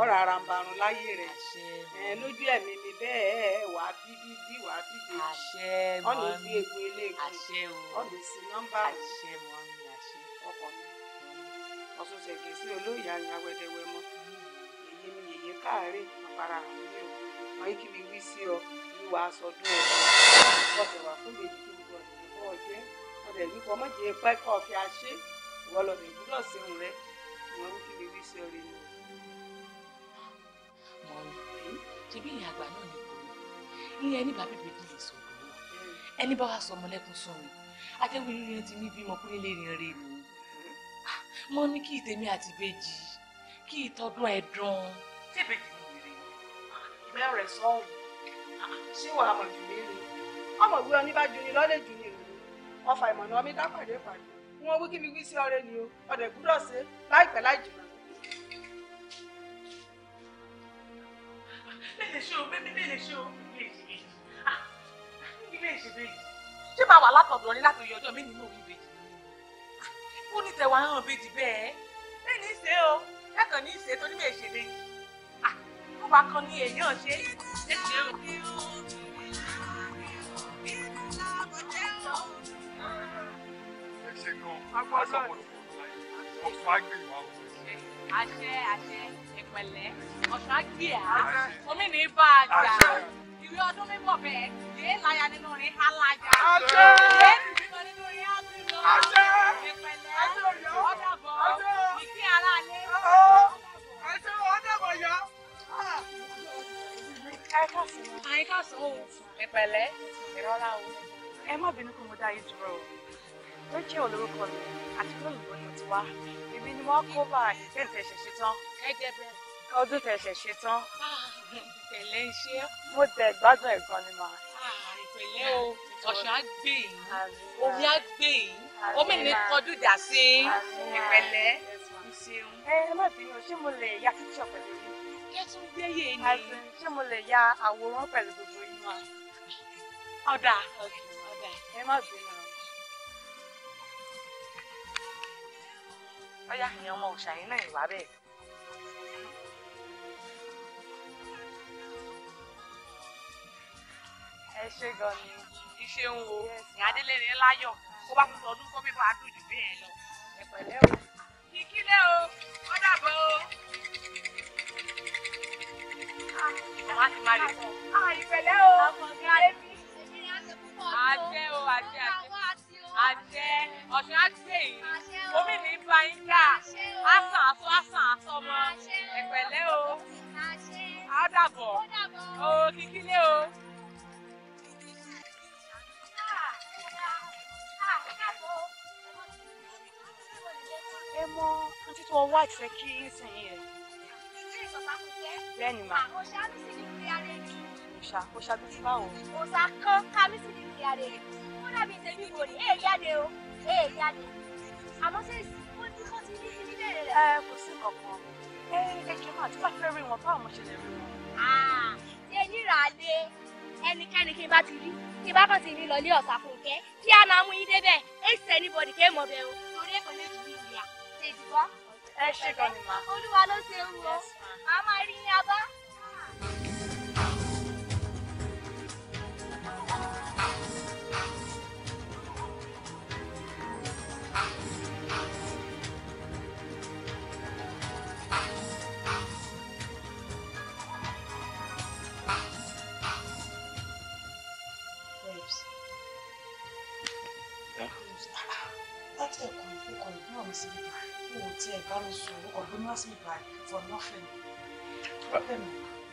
ọ̀rọ̀ àràǹbarùn láyé rẹ̀ lójú ẹ̀mí mi bẹ́ẹ̀ wà á bí bí bí wà á bí bí ọ̀nà ìgbé egun ilé egun ọ̀nà ìsìn nọ́mbà ọkọ̀ mi ọ̀sùn ṣẹ̀gẹ̀ olóyè àyàn mọ́ èyí mi yèyé káàárẹ̀ àpárá mi ò mọ kí mi wí sí ọ ìwà aṣọdún ọ̀ ọ̀sẹ̀ wà fún mi kí n bọ̀ ọ̀ jẹ́ ọ̀dẹ̀ yìí kọ́ mọ̀jẹ̀ pẹ́ kọ́ fi aṣẹ́ ìwọ lọ́dẹ̀ sẹ́hùn rẹ̀ ìwọ̀n kí mi wí sí ọ rẹ̀ mọ̀ pé ṣebí ìyá àgbà náà ní kúrò ìyẹn ní bàbá bèbí lè sọ òdòwò ẹni bá wàá sọ ọmọlẹ́kùn sọ̀rọ̀ àtẹ̀wé yíyan ti ní bímọ pé lè rìn rè mí mo ní kí ìtẹ̀mí àti ìbejì kí ìtọ́dún ẹ̀ dùn. tí ìbejì mi rè ìbẹ́ rẹ̀ sọ́ọ̀rù ṣé wàá mọ̀ jù mí rè ọmọ ìwé ọní bá ju ni lọ́lẹ̀ jù ni rè ọfà ìmọ̀nà ọmí dápàdé pàdé wọn wí kí mi wí sí ọ̀rẹ́ ni o ọ̀dẹ̀ gbúdọ̀ ṣe láìpẹ́ láì jìnnà ṣe o bébí lè lè ṣe ah kí lè ṣe méjì ṣé máa wà látọ̀dọ̀ ní látòyè ọjọ́ mi nínú òbí méjì kú ní tẹ̀wá hàn méjì bẹ́ẹ̀ ẹ ní í ṣe o ẹ kàn ní í ṣe torí méjì ṣe méjì ah kó bá kan ní èèyàn ṣe é ṣe o. Agbọ́dọ̀ ni. Àṣẹ àṣẹ pẹ̀lẹ́ ọ̀ṣọ́ gbé a omi ní bá a jà ìwé ọdún mímọ́ bẹ́ẹ̀ yé láya nínú rẹ̀ alájà yé nínú nínú rẹ̀ àdúrà ìpẹ̀lẹ́ ọ̀dàbọ̀ ìpín ara lé ọ̀dàbọ̀ yọ. àyíká sọ ohun ìpẹ̀lẹ́ ìrọ́lá o ẹ má bínú kó mo dá yín dúró o ló jẹ́ olórúkọ mi àti lóyìnbó ni mo ti wá wọ́n kó bá àṣìṣe ìtẹ̀ṣẹ̀ ṣe tán. ẹ̀ẹ́dẹ̀gbẹ̀. ọdún tẹ̀ṣẹ̀ ṣe tán. Ah. pẹ̀lẹ́ ń ṣe. mo tẹ̀ gbádùn ẹ̀gbọ́n ni màá. Ah, ìpẹ̀lẹ́ o ọ̀ṣọ́ á gbè yín omi á gbè yín omi ní kọjú dà sí ìpẹ̀lẹ́. ẹ ẹ má bínú ṣé mo lè ya píṣọ pẹ̀lú yín. kí tún gbé yé ni. ṣé mo lè ya àwòrán pẹ̀lú gbogbo yín wa. ọ̀dà ọ̀dà ẹ má bínú. ọyá ìyẹn ọmọ òòṣà yín náà ìwà bẹ́ẹ̀. ẹ ṣe gan ni. iṣẹ́ ń wo ìyádélére láyọ̀ kó bá tún ọdún kó bíbá dùn jù bẹ́ẹ̀ lọ. ẹ pẹ̀lẹ́ o. ìkílẹ̀ o ó dàbọ̀ o. wọ́n á ti máa lè fọ́. ìpẹ̀lẹ́ o. àjẹ́ o àjẹ́ àjẹ́ àṣẹ ọ̀ṣun àgbè yìí omi ní báyìíká àsàn àtọ àsàn àtọmọ ẹ̀pẹ̀lẹ́ o á dàbọ̀ o kíkílé o. ẹ mọ ojú tó wá ìfẹ́ kí n sìn yẹn. bẹ́ẹ̀ ni mà. àwọn ṣáàbì sí ní kiri ara ẹni. òṣà kó ṣáàbì sí ní kiri ara What have you been doing? Hey, yeah, no. Hey, yeah, no. I'm not saying what you want to do. Eh, kò sí nǹkan. Eh, ẹ jọ̀ọ́ ma ti bá fẹ́ rí wọn báwo mo ṣe lè rí wọn. Ah, ṣé níràlé ẹnikẹ́ni kí n bá ti rí kí n bá kàn ti rí lọ ní ọ̀sà fúnkẹ́ kí á máa mú yín débẹ̀ ẹ sì anybody kẹ́ mọ̀ bẹ́ẹ̀ o torí ẹ̀kọ́ ní ìdílé ìlú ṣe ìdìbò. ẹ ṣe kàn ní ma. olúwa ló ṣe ń wo màá máa rí ní abá.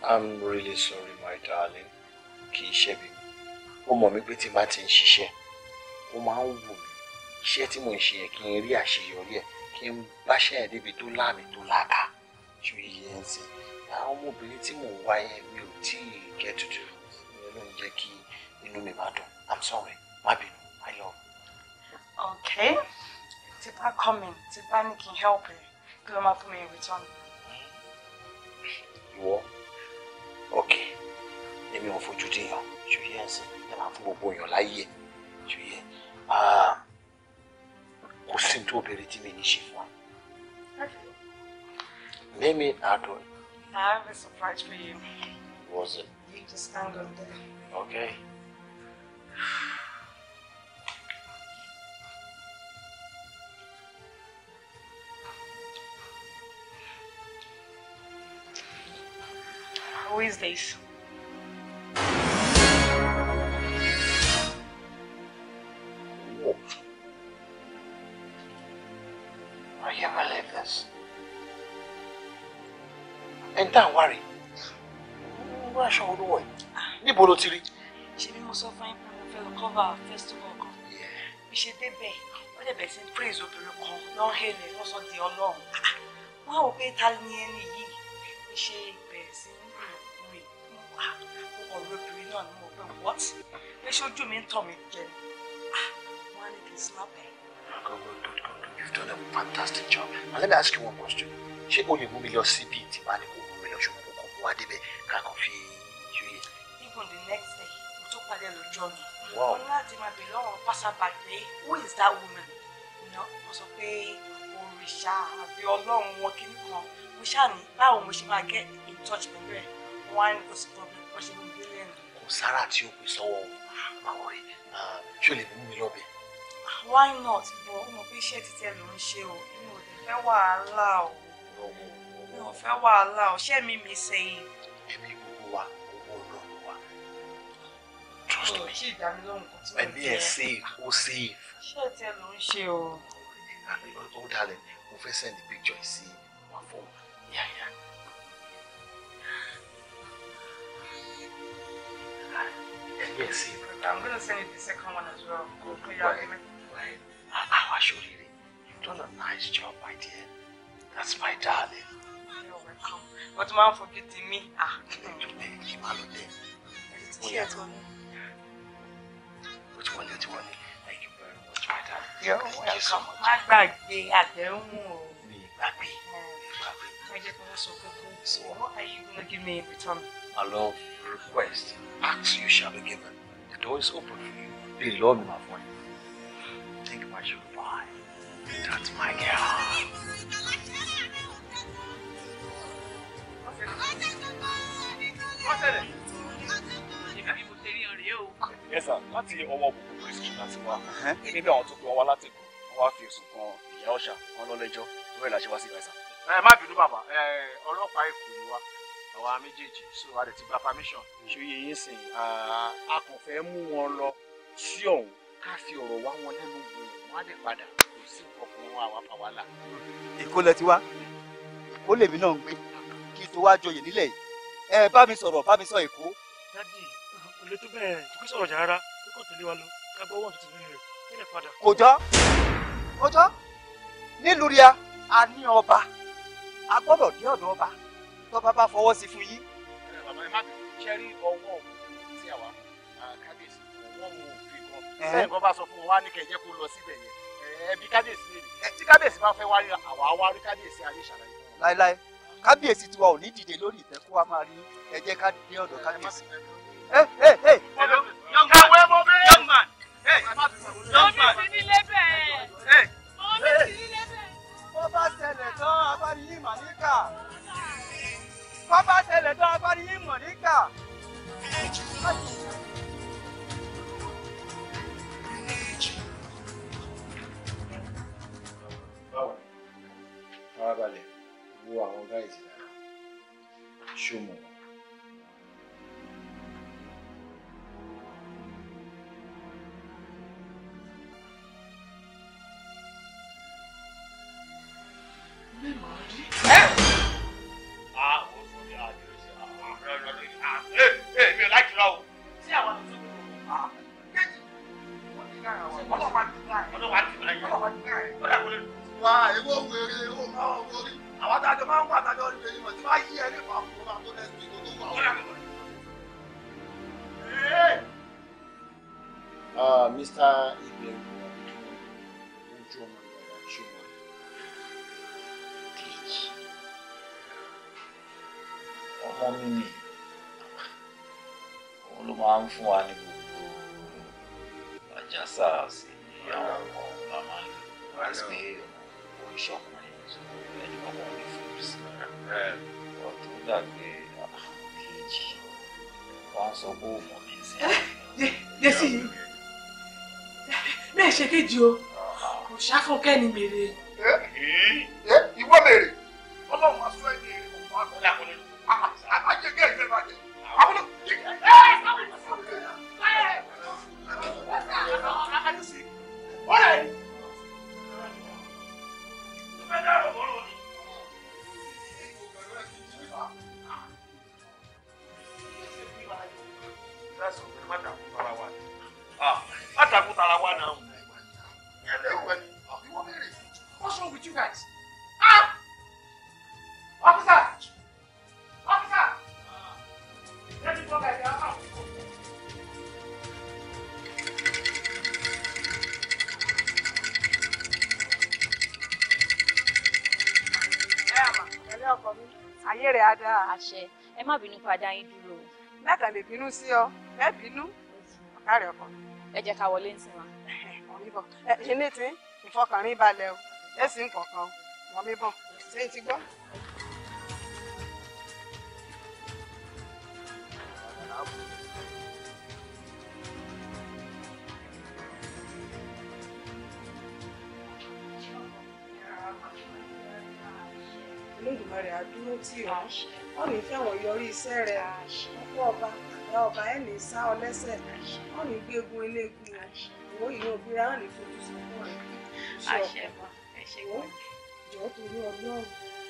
Ah, I'm really sorry my darling kì í ṣe bí ó mọ̀ mí pé tí má ti ń ṣiṣẹ́ ó máa ń wù mí iṣẹ́ tí mò ń ṣe yẹn kí n rí àṣeyọrí ẹ̀ kí n báṣẹ́ ẹ̀ débi tó láàmì tó láàká ju iye ẹ̀ sí àwọn ọmọbìnrin tí mò ń wá yẹn mi ò tí ì gẹ́ tutù ìyẹn ló ń jẹ́ kí inú mi máa dùn I'm sorry má bínú I love. Okay tí coming tí bá ní help her. kí ló máa fún mi in return. ìwọ ok èmi ò fojú dèèyàn ṣòye ẹ̀sìn ẹ máa fún gbogbo èèyàn láyè ṣòye kò sí tó obìnrin tí mi ní ṣe fún ẹ. Mimi Adol. I have a surprise for you. What's it? You just stand on there. Okay. who I can't believe this. And don't worry. Why should olówó ẹ̀. Níbo ló ti rí? Ṣé bí mo sọ fún yín pé mo fẹ́ lọ cover festival kan? Bí ṣe débẹ̀, wọ́n dẹ̀ bẹ̀ sí praise obìnrin kan lọ́n hélè lọ́sọ̀ di ọlọ́run. Wọ́n á wò pé ta ni ẹni yìí? Bí ṣe bẹ̀rẹ̀ sí mi mo pé what pé should you mean Tommy, mí jẹ ni ah, wọ́n á you've done a fantastic job and let me ask you one question She only lè mú mi lọ síbi tí màá ní kó mú mi lọ ṣùgbọ́n kò mú wa even the next day we took pàdé lọ́jọ́ mi mo ní láti my beloved passer by, pé who is that woman You know, sọ was òrìṣà àbí ọlọ́run wọn kìíní kan mo ṣáà ní báwo mo ṣe get in touch pẹ̀lú ẹ̀ wọ́n á ní kò sí problem wọ́n ṣe mú mi kò sára tí ó pè sọ́wọ́ o máa wọrí ṣé o lè mú mi lọ́bẹ̀. why not bọ ọmọ bí iṣẹ́ ti tẹ ló ń ṣe o inú ò ní fẹ́ wàhálà o mi ò fẹ́ wàhálà o ṣé mi mi sẹ́yìn. ẹ̀mí gbogbo wa owó ọlọ́run wa trust me ẹ̀mí ẹ̀ save ó save. ṣé ẹ̀ tẹ ló ń ṣe o. ó dalẹ̀ mo fẹ́ send picture sí wọn fún yàyà. Yes, I'm going to send you the second one as well. Go pay your payment. Why? How should really? You've done a nice job, my dear. That's my darling. You're welcome. But man, forget me. Ah, you are not It's here, Tony. Which one do you want? Thank you very much, my darling. You're Thank welcome. you so much. My baby, àdéhùn o. Mi gbàgbé. Mi eh. gbàgbé. I just want so cool. So what are you going to give me in return? A love request. Ask you shall be given. The door is open for you. Be love me, my friend. Take my sugar pie. That's my girl. Yes, sir. Láti ọwọ́ òkùnkùn Kristu láti wá. Ẹni bí àwọn tó pe wọn wá láti kù, wọ́n wá fi èsùn kan ìyá ọ̀ṣà wọn lọ́lẹ́jọ́. Bẹ́ẹ̀ la ṣe wá sí ìgbà ìsà. Ẹ má bínú bàbá, ọlọ́pàá Èkó àwa méjèèjì so a dẹ̀ ti gba permission ṣé iye yín sìn a kàn fẹ́ mú wọn lọ sí ọ̀hún ká fi ọ̀rọ̀ wá wọn lẹ́nu wò wọ́n á dẹ̀ padà kò sí ọkùnrin àwa pàwálà. èkó lẹ ti wá èkó lèmi náà ń gbé kí n tó wá joyè nílẹ̀ yìí ẹ bá mi sọ̀rọ̀ bá mi sọ èkó. dádì kò lè tó bẹ́ẹ̀ kò sọ̀rọ̀ jà rárá kó kò tẹ̀lé wa lọ ká gbọ́ wọ́n tuntun nílẹ̀ nílẹ̀ padà. kò jọ kò jọ nílùú ria a ní ọba a gbọ́dọ̀ dé ọ̀dọ̀ ọba tọ́ba bá fọwọ́ sí fún yín. bàbá ọwọ́ tí àwa kábíyèsí ọwọ́ mu òfin kan sẹ́yìn kan bá sọ fún wọn ní kẹ̀jẹ́ kó lọ síbẹ̀ yẹn ẹbí kábíyèsí lè tí kábíyèsí bá fẹ́ wárí àwa wá rí kábíyèsí ayé ṣàlàyé. láéláé kábíyèsí tiwa ò ní dìde lórí ìtẹ́ kó wa máa rí ẹ jẹ́ ọ̀dọ̀ kábíyèsí. kàwé mo young man. young man. omi ti nílé bẹ́ẹ̀. omi ti nílé bẹ́ẹ̀. bó bá tán abáyé màníkà wọ́n bá ṣẹlẹ̀ tó abárí yín mọ̀ nígbà. báwo farabalẹ̀ wo àwọn gáàsì dára ṣó mọ̀ wọ́n. fún wa ní gbogbo àjàsà sí àwọn ọmọ ọba máa ń lò láti pé ó ń ṣọkùnrin ẹni ọkùnrin fún sí ọdún gbàgbé kejì wọn sọ pé ó mọ mi sí. yẹ́sì yìí bẹ́ẹ̀ ṣe kejì o kò ṣàfọ̀kẹ́ ni mèrè. àṣẹ ẹ má bínú padà yín dúró. lága lè bínú sí ọ ẹ bínú ọ̀ká rẹ̀ ọkọ. ẹ jẹ́ ká wọlé nsìn wa. wọ́n mi bọ̀ ẹ ṣe ní ti ìfọkànrin balẹ̀ o ẹ sì ń kọ̀ọ̀kan wọ́n mi bọ̀ ṣé ti gbọ́. dúró tì ọ́ wọ́n ní fẹ́wọ̀n yọrí iṣẹ́ rẹ̀ ọkọ ọba ẹ̀ ọba ẹ̀ ní sá ọ lẹ́sẹ̀ wọ́n ní gbégun eléegun ìwọ yìí òbí rẹ̀ wọ́n ní fojú sunkún rẹ̀ ṣe ọ̀pọ̀ torí ọlọ́run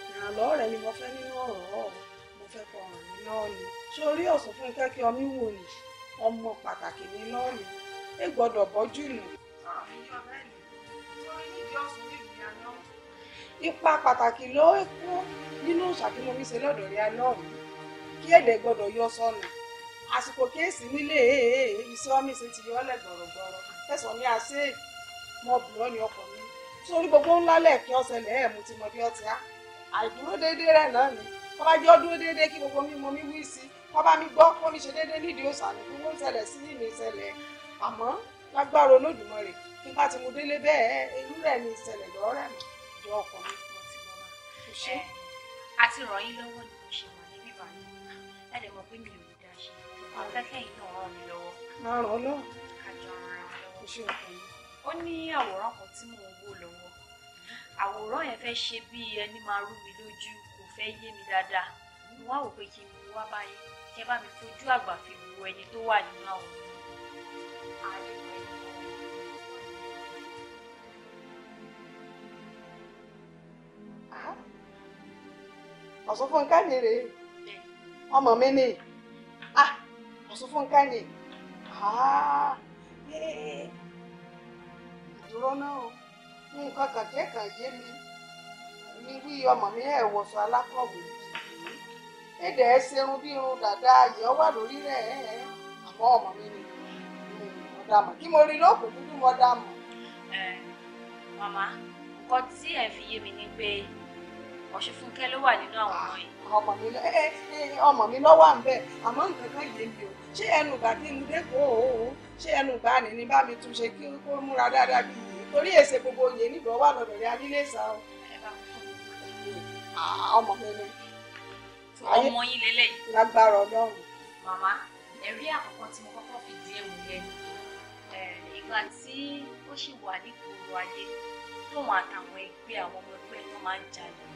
ìrànlọ́wọ́ rẹ̀ ni mo fẹ́ nínú ọ̀rọ̀ ọ̀hún mo fẹ́ kọ ọ̀ràn mi náà ni sórí ọ̀sùn fún ikẹ́ kí ọmí wò ní ọmọ pàtàkì mi náà ni ẹ gbọ́dọ̀ bọ́jú nù. ipa pàtàkì ló kú nínú ìṣàkíyèmí ṣe lọ́dọ̀ rẹ̀ náà rí kí èdè gbọ́dọ̀ yọ sọnù àsìkò kéèsì nílé èèyàn iṣẹ́ mi eh, eh, eh, ṣe ti yọ ọ́lẹ̀ gbọ̀rọ̀gbọ̀rọ̀ tẹ̀sán ní àṣẹ mọ bùrọ̀ ní ọkọ̀ mi sórí gbogbo ńlá lẹ́ẹ̀kẹ́ ọ̀sẹ̀lẹ̀ ẹ̀ mo ti mọ bí ọtí á àìdúró déédéé rẹ̀ náà ni kọ́ba jẹ́ ọdúró déédéé kí gbogbo mímọ mi wí sí kọ́ba mi gbọ́ kó mi ṣe déédéé nídìí òsà ní gbogbo ìṣẹ̀lẹ̀ sí ìní ìṣẹ̀lẹ̀ àmọ́ lágbára Olódùmarè kí bá ti mo délé bẹ́ẹ̀ irú rẹ̀ ní ìṣẹ̀lẹ̀ mi jọ ọkọ̀ mi fún ọtí bọ́lá àti ràn yín lọ́wọ́ ni mo ṣe wà ní bíbá yìí ẹ lè mọ̀ pé mi ò ní dá ṣe àwọn akẹ́kẹ́ yìí náà ràn mí lọ́wọ́. máa ràn ọ́ lọ́wọ́. àjọ ràn án lọ́wọ́. ó ní àwòrán kan tí mò ń wò lọ́wọ́ àwòrán yẹn fẹ́ ṣe bí ẹni máa rú mi lójú kò fẹ́ yé mi dáadáa mo wá wò pé kí n wá báyìí kí ẹ bá mi fojú àgbà fi wo ẹni tó wà nínú àwòrán àyẹ̀wò ẹni ọ̀sùnfúnká ni rèé ọmọ mi ni ah, ọ̀sùnfúnká ni ah, ìdúró náà nǹkan kàkẹ́ kan yé mi mi wí ọmọ mi ẹ̀ wọ̀sọ̀ alákọ̀wé èdè ẹ ṣerun bí irun dàda ayọ̀ wà lórí rẹ̀ àmọ́ ọmọ mi ni mo dà mọ̀ kí mo rí lóògùn dúdú mo dà mọ̀. màmá nǹkan tí ẹ fi yé mi ni pé. Ọ̀ṣunfúnkẹ́ ló wà nínú àwọn ọmọ yìí. Ah, ọmọ mi lọ ẹ eh, ẹ eh, eh, ọmọ mi lọ wà ń bẹ àmọ́ nǹkan kan yé mi o ṣé ẹnu ìgbà kí n dẹ́kun òòó ṣé ẹnu ìgbà ni ni bá mi túnṣe kí ó múra dáadáa bí yìí torí èsè gbogbo yẹn nígbà wà lọ́dọ̀ rẹ̀ anílé sá o. Ah, ọmọ mi ni. ọmọ yín lélẹ́yìn. lágbára Ọlọ́run. màmá ẹ̀rí àkọ́kọ́ tí mo kọ́kọ́ fi di èmù yẹn ni ìgbà tí ó sì wà nígboro ayé lóun àtàwọn ẹgbẹ́ àwọn ọmọ ẹgbẹ́ tó máa ń jalè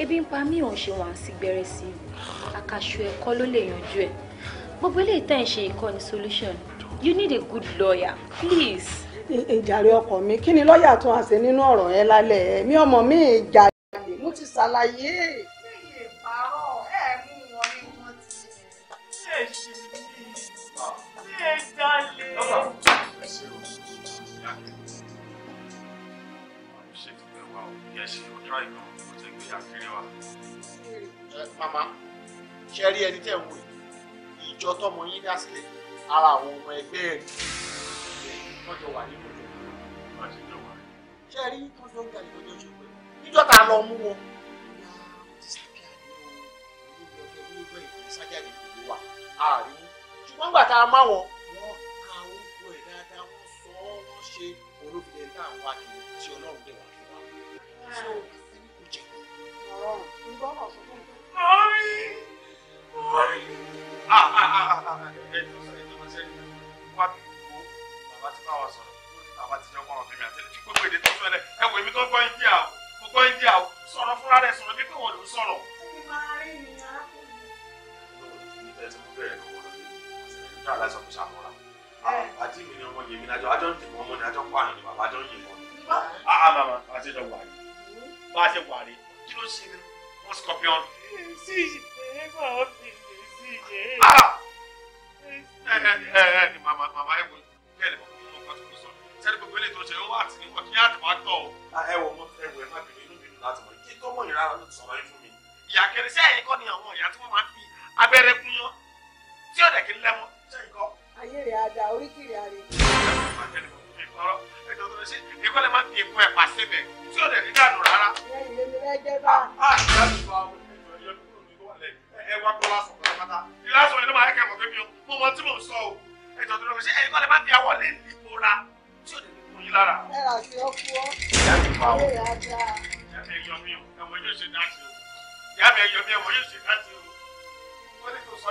ebi ń pa mí òun ṣe wà sí gbẹrẹ sí i àkàṣù ẹ̀kọ́ ló lè yanjú ẹ̀ gbogbo eléyìí tẹ́ ń ṣe ìkọ́ni solution you need a good lawyer please. ìjàre ọkọ mi kí ni lọ́ọ̀yà tó hàn sí nínú ọ̀rọ̀ ẹ lálẹ́ ẹ mi ọmọ mi ìjà ìjàre mo ti ṣàlàyé. Yes, you will try to fi àṣírí wa. màmá ṣe rí ẹni tẹ̀ ń wò ìjọ tọmọ yín dá sílẹ̀ ara àwọn ọmọ ẹgbẹ́ ẹ̀ wọ́n jọ wà nínú ìjọ. ṣe rí tó jọ ń ga ìjọ tó ṣe pé níjọ́ ta lọ mú wọn. sájáde kò wà àárín ṣùgbọ́n nígbà tá a má wọn. wọ́n ka orúkọ ẹ̀ dáadáa wọ́n sọ ọ́ wọ́n ṣe olóbìnrin tá à ń wá kiri tí ọlọ́run dẹ̀ wá fún wa rọrùn ń gbọ́ ọkọ̀ sókè. mọ́mí mọ́mí. wá bí wo bàbá tí bá wa sọ̀rọ̀ bàbá tí jọ́ pọ̀nrọ̀ fẹ́mi àtẹ̀lẹ́ fi gbogbo èdè tó fẹ́ lẹ̀ ẹ wò èmi tó gbọ́ india o mo gbọ́ india o sọ̀rọ̀ fúnra rẹ̀ sọ̀rọ̀ bí pé wọ́n ló sọ̀rọ̀. àti mi ni ọmọ yèmí ni àjọ ń dìbò ọmọ ni àjọ ń pààyàn ni bàbá àjọ ń yìnbọn. bá a bàbá àti ìjọba rè bá a ṣe wà rè kí ló ṣe scorpion. síyè ah! ẹ máa fi lè síyè. ẹ ẹ ẹ ẹ ẹ wo bẹ́ẹ̀ ni mo kún un sọ sẹ́ni gbogbo eléyìí tó ṣe ó wà àti ní wọ́n kí á tẹ̀wá ah, ẹ wọ ọmọ ẹ wọ ẹ má bínú inú bínú láti mọ kí tọ́mọ yìí rárá ló ti sọ̀rọ̀ yín fún mi. ìyá kẹrin sẹ́yìn ẹ̀yìn kọ́ ni àwọn ìyá tí wọ́n máa fi abẹ́rẹ́ kún yán tí ọ̀dẹ̀ kì í lẹ́mọ sẹ́yìn kọ́. ayé rẹ̀ ada orí kìrì àrè ọ̀rọ̀ ẹjọ́ tó ṣe ìkọlẹ má fi ìkún ẹ pa síbẹ̀ tí ó lè rí dànù rárá. ẹ̀yìn lèmi rẹ jẹ bá. a ah, ti dá mi sọ àwọn ẹjọ́ yẹn kúrò ní wàlẹ ẹ wá kó lásán pátápátá ìlàsọ yẹn ló máa kẹ́ mọ̀ pé mi ò mo mọ tí mò ń sọ o ẹjọ́ tó ṣe ẹ̀yìn kọlẹ má fi àwọ̀ lé nípora tí ò lè kú yín lára. ẹ rà sí ọkú ọ ìyá mi pa ọ ìyá mi ẹyọ mi ẹwọn yóò ṣe dá sí o ìyá mi ẹyọ mi ẹwọn yóò ṣe dá sí o wọ́n ní kò sọ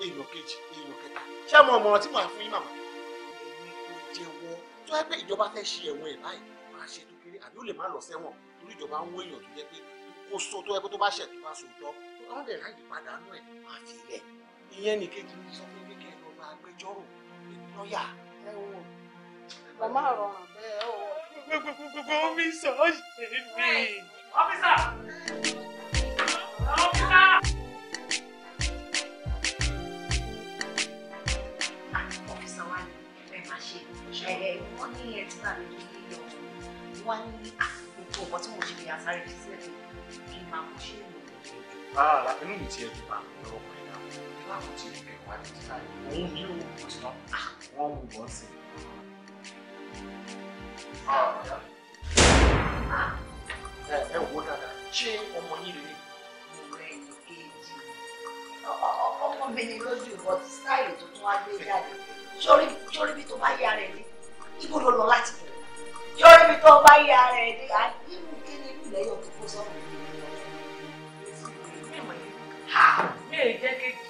èèyàn kejì èèyàn kẹta ṣé àwọn ọmọ tí màá fún yín màmá èmi kò jẹ́wọ́ tó yẹ pé ìjọba fẹ́ ṣe ẹ̀wọ̀n ẹ̀ báyìí máa ṣe tó kéré àbí ó lè má lọ sẹ́wọ̀n torí ìjọba ń wó èèyàn tó yẹ pé kó so tó yẹ pé tó bá ṣẹ̀ tó bá sòótọ́ wọ́n lè ráyè pàdánù ẹ̀ máa fi lẹ̀ ìyẹn ní kejì ní sọ pé kẹ́ ẹ lọ bá agbẹjọ́rò lọ́yà ẹ wò. màmá rọrùn bẹ́ẹ̀ ó wọ. gbogbo mi sọ ọ́ ṣe ṣẹlẹ̀ wọ́n ní ẹ̀dúgbà mi kí lọ wọ́n ní gbogbo ọ̀pọ̀ tí mo ṣe ìyá sáré fi sílẹ̀ kí n máa mú ṣe ìlú. ara ah, inú mi ti ẹ̀dùn bá mi lọ́wọ́ pẹ̀lú àwọn láwọn ti rí ẹ̀wà títí láì òun ní òun kò sí náà wọ́n mú bọ́ sí i. ẹ wo dáadáa ṣé ọmọ yín lè ní ọmọ mi ni lójú ìwọ ti sáyè tó tún wá gbé jáde sórí bí tó bá yá rẹ dé ibo ló lọ láti bẹ̀rẹ̀ sórí bí tó bá yá rẹ dé àdínú kí ni ìlú lẹ́yìn òkè kó sọ́kùn. Ee jẹ́ kéjì.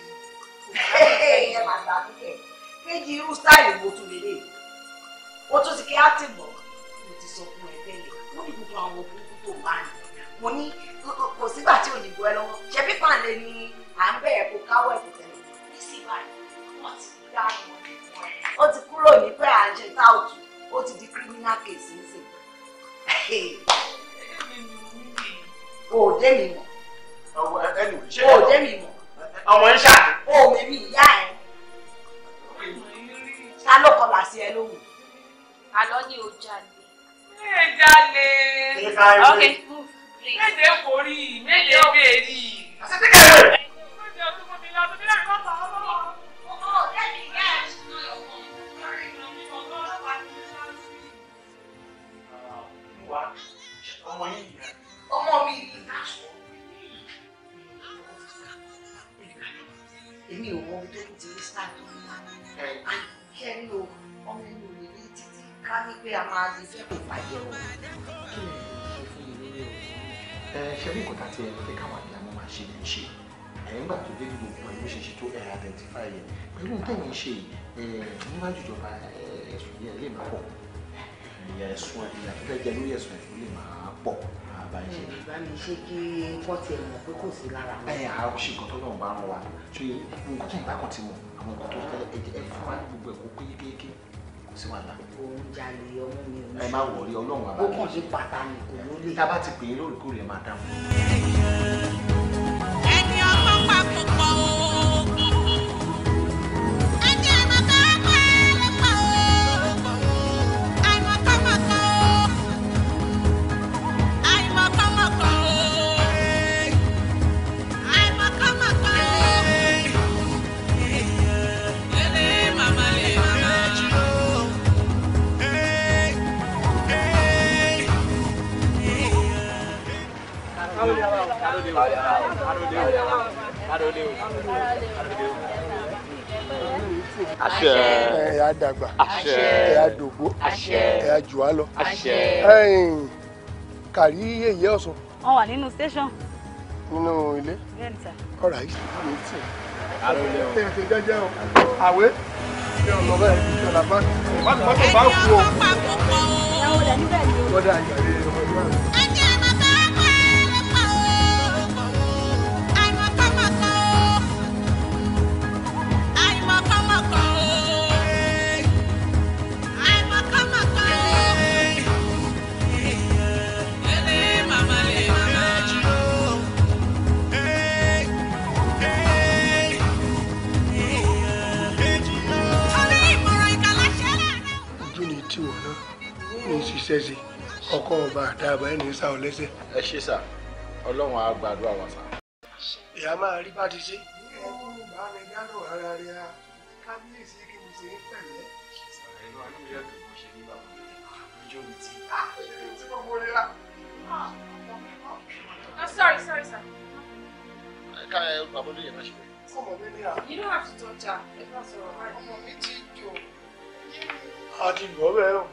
Ẹ máa gbà mí kẹ̀. Kéjì irú sáyè wo tún lè lè. Ó tún ti kí á ti bọ̀. Mo ti sọ fún ẹ tẹ́lẹ̀. Mo ní gbogbo àwọn burúkú tó bá ní. Mo ní kò sígbà tí òyìnbó ẹ lọ́wọ́. Ṣé pípa lè à ń bẹ̀rẹ̀ kó káwọ́ ẹ̀kọ́ tẹ̀lé ní síbà wọ́n ti dá wọn ó ti kúrò ní pé à ń ṣe táùtù ó ti di criminal case nísìn kò dé mi mọ̀ kò dé mi mọ̀ ọmọ ń ṣàdé. o mèmí ìyá ẹ ta ló kọlà sí ẹ lóhùn. àlọ́ ni ò jalè. ẹ jalè. ok move kò rí méje bèèrè. àṣetí kẹrẹ. ṣe rí o ọmọ ẹni ò lè rí títí ká ní pé a máa lè fẹ́ kó fàyè o. ẹ ṣe bí kòtà tí ẹ fẹ́ káwọn àbí àwọn máa ṣe lè ṣe ẹ̀yìngbà tó dé gbogbo ẹ̀ bó ṣe ṣe tó ẹ̀ identify yẹn pẹ̀lú tẹ̀yìn ṣe níwájú ìjọba ẹ̀sùn yẹn lè má pọ̀ ẹ̀sùn ẹ̀ ìyàtọ̀ jẹ lórí ẹ̀sùn ẹ̀ lè má pọ̀ bá yín ṣe. ìgbà mi kí pọ́ọ̀tì ẹ̀ mọ̀ pé kò sí lára mi. ẹ àwọn ṣe tó lọ́n bá rán wa ṣe nǹkan tó ń àwọn nǹkan tó fẹ́ ẹ fún wa gbogbo ẹ̀ kó pé yékéyéké kò sí wàhálà. òun jalè ọmọ mi ò ní. ẹ má wọrí ọlọ́run àbá. ó kàn ṣe pàtàkì kò ló lè. tá a bá ti pè é lóòrèkóòrè máa dáhùn. Arode o. Arode o. Arode o. Arode o. Àṣẹ. Ẹ á dàgbà. Àṣẹ. Ẹ á dògbó. Àṣẹ. Ẹ á jù á lọ. Àṣẹ. Ẹyìn kàrí èyí ọ̀sán. Wọ́n wà nínú station. Nínú ilé. Bẹ́ẹ̀ni sà. Ọ̀rọ̀ àyè. Arode o. Tètè jẹ́jẹ́ o. Àwé. Ṣé ọ̀nà bẹ́ẹ̀ ni ìjọba bá ti bá kú o? Ẹni ọ̀pá àkókò o. Ẹ̀wọ̀n dà níbẹ̀ ni o. Wọ́n dà yàrá ọ̀dọ́ àná. ó ṣiṣẹ́ ṣe ọkọ ọba àdàbà ẹni sá ọ lẹ́sẹ̀. ẹ ṣe sà ọlọ́run á gbàdúrà wa sà. ìyá máa rí bá ti ṣe. ẹ̀rù bá mi dárò ara rẹ̀ a kábíyèsí kí mo ṣe ń pẹ̀lẹ́. ẹ̀rọ alúyẹ̀ kò mọ̀ ṣe nígbà wọlé ọjọ́ mi ti. ẹ̀rù tí mo wọlé sorry, sorry, sir. Ká ẹ àbọ̀dé yẹn má ṣe bẹ́ẹ̀. Ọmọ mi ni à. You don't have to touch her. Ẹ bá sọ̀rọ̀ báyìí. Ọmọ mi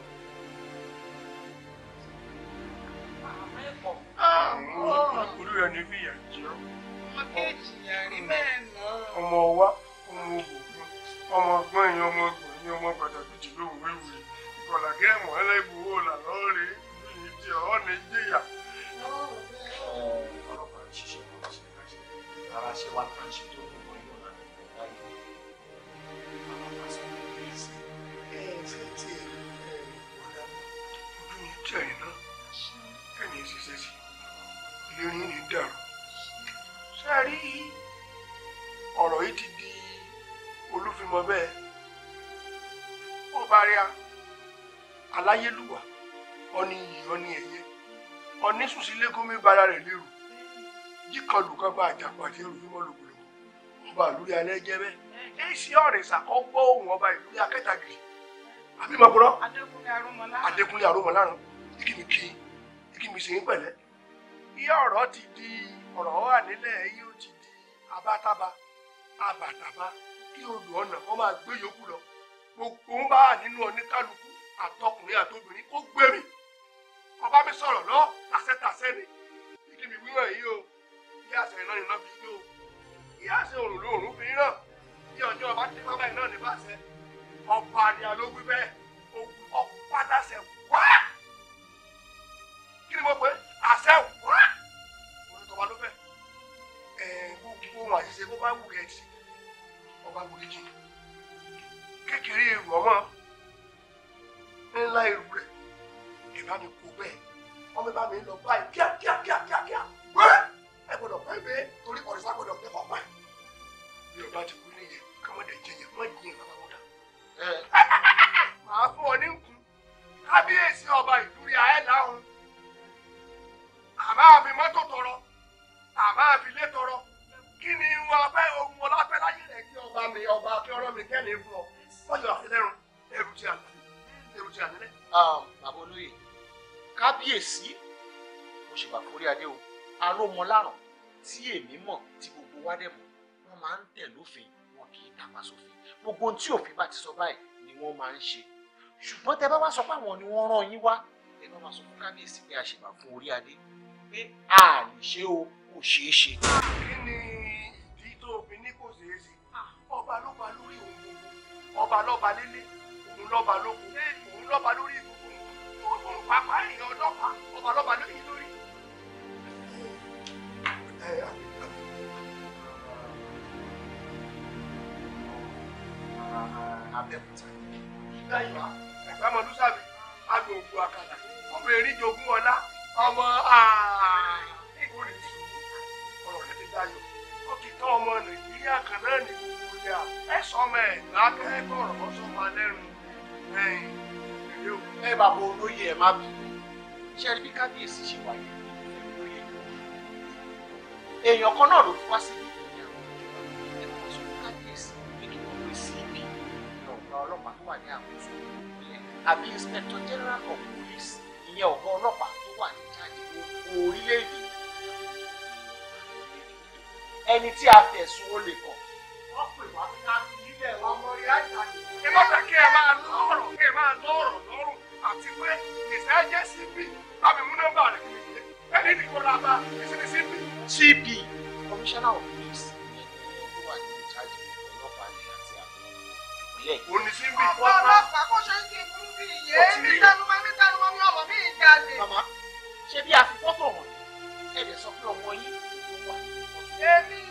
olú rẹ̀ ní fìyà jẹ ọ́. ọmọ kéèjì yàrí bẹ́ẹ̀ náà. ọmọ wa ọmọ ògùn ọmọ ọgbọ́n èèyàn ọmọ ọgbọ̀n èèyàn ọmọ gbàdà bìtì ló wù wíwì ìkọ̀là kẹ́hìn ẹlẹ́gbẹ̀ẹ́ wò là lọ́ọ̀rẹ́ ìlú tí ọ̀ ní jìyà. ọlọ́pàá ń ṣiṣẹ́ wọn ṣe é ìlérí ní dàrú ṣe rí ọ̀rọ̀ yìí ti di olúfimọ bẹ́ẹ̀ ọba rẹ̀ aláyélúwà ọ̀ni iyì ọ̀ni ẹ̀yẹ ọ̀ni sùsílẹ́gọ́mí bara rẹ̀ lérò jíkanlù kan bá àjàpàdé olùfimọ lògbòlò ọba àlúrí alẹ́ jẹ́ bẹ́ẹ̀ èyí sí ọ̀rẹ́sà kọ́ gbọ́ ohùn ọba ìlú ní akẹ́tàgì àbí mọ̀kúrọ́ adékúnlé arúmọlárùn ìkíni kí ìkíni sèyí pẹ̀lẹ́ bí ọ̀rọ̀ ti di ọ̀rọ̀ wà nílẹ̀ yóò ti di abátaba abàtàbá kí odò ọ̀nà kó máa gbé yòókù lọ gbogbo ń bá nínú oníkálukú àtọkùnrin àtobìnrin kó gbé mi kó bá mi sọ̀rọ̀ lọ tàṣẹ́tàṣẹ́ ni ìdí mi wíwọ̀n yìí o ìyá àṣẹ iná iná fi yó ìyá àṣẹ òrùn lóòrùn fi ràn bí ọjọ́ ọba tí bàbá iná ní bàṣẹ ọba ni alógbé bẹ́ẹ̀ ọ̀pá láṣẹ wá kí ni mo pè àṣẹ wá ọba ló fẹ́ gbogbo ohun àṣìṣe bó bá wù kẹ́ẹ̀tì ọba gbòdìjì kékeré èrò ọmọ ńlá èrò rẹ̀ ẹ̀ bá mi kó bẹ́ẹ̀ ọmọ bá mi lọ báyìí kíá kíá kíá kíá kíá ẹ gbọ́dọ̀ pẹ́ mi torí ọ̀rẹ́sà gbọ́dọ̀ pẹ́ kọ́ pa ẹ̀ bí o bá ti wí nìyẹn kí wọ́n dẹ̀ jẹyẹ wọ́n jìn bàbá wọn dà. màá fún ọ ní nkùn kábíyèsí ọba ìdúrí àẹ́là ọ̀hún àbá mi mọ́tò tọrọ àbá àbílẹ̀ tọrọ kí ni wọn abẹ́ ohun ọlápẹ́ láyé rẹ̀ kí ọba mi ọba kí ọ̀rọ̀ mi kẹ́ni fún ọ fọyọ àtẹlẹrun ẹrù ti àtẹlẹ ẹrù ti àtẹlẹ. bàbá olóye kábíyèsí mo ṣe bà kórí adé o arómọláràn tí èmi mọ̀ tí gbogbo wa dẹ̀ mọ̀ wọ́n máa ń tẹ̀ lófin wọn kì í tàpá sófin gbogbo ohun tí òfin bá ti sọ báyìí ni wọ́n máa ń ṣe ṣùgbọ́n tẹ bá wá sọ pé àwọn ni wọ́n rán yín wá ẹ bá wá sọ fún kábíyèsí pé a ṣèbà fún orí adé pé a lè ṣe o kò ṣeé ṣe. kí ni ìdí tó fi ní kò ṣeé ṣe ọba ló lórí òun ọba lọ́ba lélẹ̀ òun lọ́ba lóko òun lọ́ba lórí gbogbo gbogbo pàápàá èèyàn ọlọ́pàá ọba lọ́ba lórí lórí. ẹ ẹ àbí. àkàlà, ọmọ eríjogún ọlá, ọmọ ààrẹ dayọ̀ ó ti tán ọmọ nàìjíríà kan náà ní gbogbo ìyá ẹ sọmọ ẹ lábẹ́ ẹgbọ̀rọ̀ mọ́ sọmọ alẹ́rìn ẹ̀yìn ìrẹ́ o. ẹ bàbá olóye ẹ má bì ṣe rí bí kábíyèsí ṣe wáyé lóye èèyàn kan náà ló fi wá síbi ìyàwó ìjọba ẹ kò sọ fún kábíyèsí pé kí wọ́n lè sí ibi ọ̀gá ọlọ́pàá tó wà ní àkóso ìpínlẹ̀ àbí inspector general of police ìyẹn ọ̀gá ọlọ́pàá tó wà ní jáde gbogbo orílẹ̀-èdè ẹni tí a fẹ̀sùn ó lè kọ̀. wọ́n pè wá pé ká fi ilé ọmọ rí àjàdì. ẹ má bàa kí ẹ máa lọ́rọ̀ kí ẹ máa lọ́rọ̀ lọ́rùn àti pé ìsáyẹ́ síbì láti mú nọ́mbà rẹ̀ kékeré ẹni ní kó rábà ìsinmi síbì. cb commissioner of police ló wà ní ìjáde ọlọ́pàá ní àti àwọn ìpínlẹ̀. ó ní síbì. àwọn ọlọ́pàá kò ṣe ń kí n mú bí iye mi tẹnu mi tẹnu mi ọ̀rọ̀ mi ìjáde. màmá ṣé bí a fi fọ́tò wọn ẹ̀rẹ̀ sọ pé ọmọ yìí Yeah.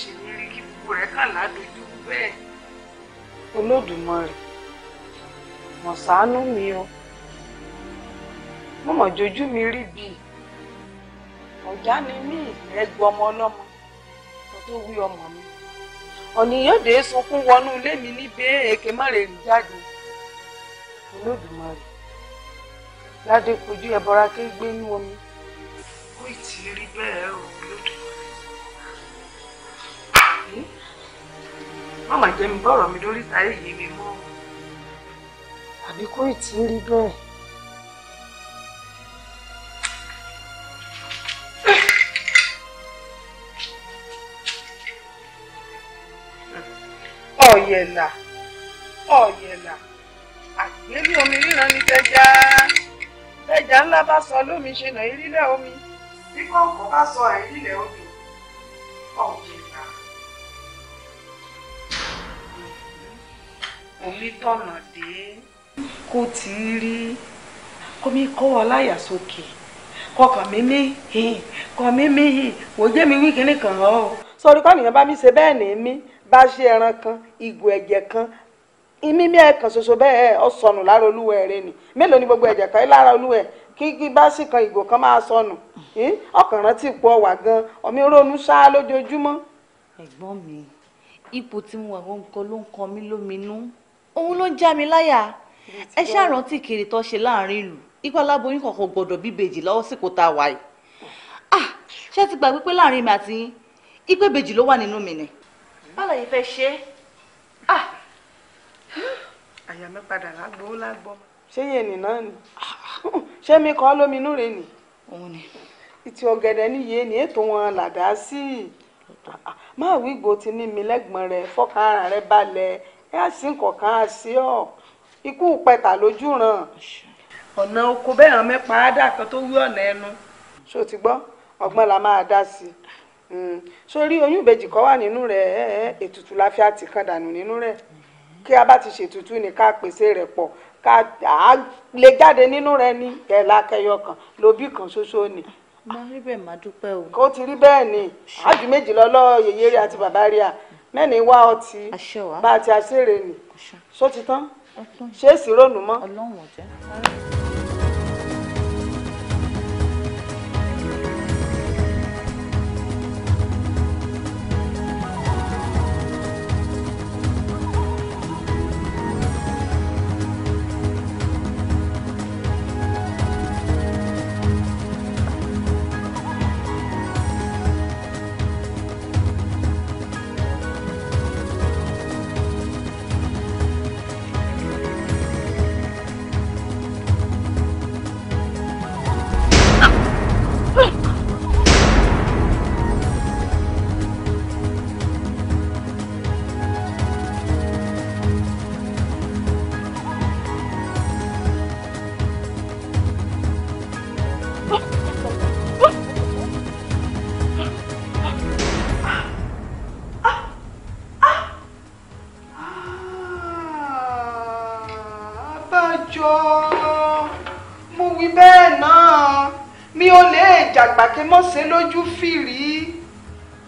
ṣe kipu rí kí gbogbo rẹ̀ kà mọ̀ mi o mo mọ̀ jojú mi rí bíi ọ̀já ni mí ẹgbẹ́ ọmọ ọlọ́mọ tó wí ọmọ mi ọ̀nìyànde sunkún wọnú ilé mi níbẹ̀ èké má rí jáde olódùmarè kojú ẹbọra omi. má má jẹ́ mi bọ́rọ̀ mi lórí sáré yìí mi mọ́ àbí kò tí ì rí bẹ́ẹ̀. ọ̀yẹ̀là ọ̀yẹ̀là àgbélé omi ríran ni tẹja tẹja ńlá bá sọ lómi ṣe nà ìrílẹ̀ omi bí kọ́ńkọ́ bá sọ àìrílẹ̀ omi ọ̀yẹ̀là. onítọ̀nà dé kó tí ì rí kọ́mí kọ́ ọ láyà sókè kọkàn mímí hìn kọ́ mímí hìn wò jẹ́ mi wí kíní kan ọ́ sọ̀rọ̀ kọ́ nìyẹn bá mi ṣe bẹ́ẹ̀ ní mí bá ṣe ẹran kan ìgò ẹ̀jẹ̀ kan mímí ẹ̀kan ṣoṣo bẹ́ẹ̀ ọ sọnù lára olúwẹ̀ rẹ ni mélòó ni gbogbo ẹ̀jẹ̀ kan lára olúwẹ̀ kí kí bá sì kan ìgò kan máa sọnù ọkàn rántí ipò ọwà gan ọmọ ronú ṣá lójoojúmọ́. ẹ̀gbọ́n mi ipò tí mo wà ń kọ ló ń kọ mí lóminú òun ló ń já mi láyà ẹ ṣàrántí kiri tó ṣe láàrin ìlú ipa aláboyún kankan gbọ́dọ̀ bíbejì lọ́wọ́sìkò tá a wà yìí ah ṣé ti gbàgbé pé láàrin mi àti yín ipe bejì ló wà nínú mi ni. bálàyé fẹ́ ṣe é ah. àyà mi padà lágbó lágbó. ṣé yé ni náà ni ṣé mi kọ́ lóminú rẹ̀ ni. òun ni. ìtì ọ̀gẹ̀dẹ̀ ni yé ni ètò wọn làdá sí i ah, ah, máa wí gbòó ti ní mi lẹ́gbọ̀n rẹ̀ fọ́kàn ara rẹ̀ balẹ̀ ẹ á sí nǹkankan á sí ọ ikú pẹ̀tà lójú ràn ọ̀nà oko bẹ́ẹ̀ hàn mẹ́pa á dà kan tó wí ọ̀nà ẹnu ṣó ti gbọ́ ọgbọ́n la máa dá sí i hmm. sórí oyún ìbejì kọ́ wà nínú rẹ̀ ètùtù la fi àti kan dànù nínú rẹ̀ kí a bá ti ṣètùtù ni ká pèsè rẹ̀ pọ̀ ká a lè jáde nínú rẹ̀ ní ẹ̀la kẹyọ kan lóbí kan ṣoṣo ni máa rí bẹ́ẹ̀ máa dúpẹ́ o. kó ti rí bẹ́ẹ̀ ni àjù méjì lọ́lọ́ yèyé rí àti bàbá rí à nẹ́ni wá ọtí bá ti àṣírí ni só ti tán ṣé èsì rónú mọ́. ọlọ́run ọ̀jẹ̀. lójú fìrí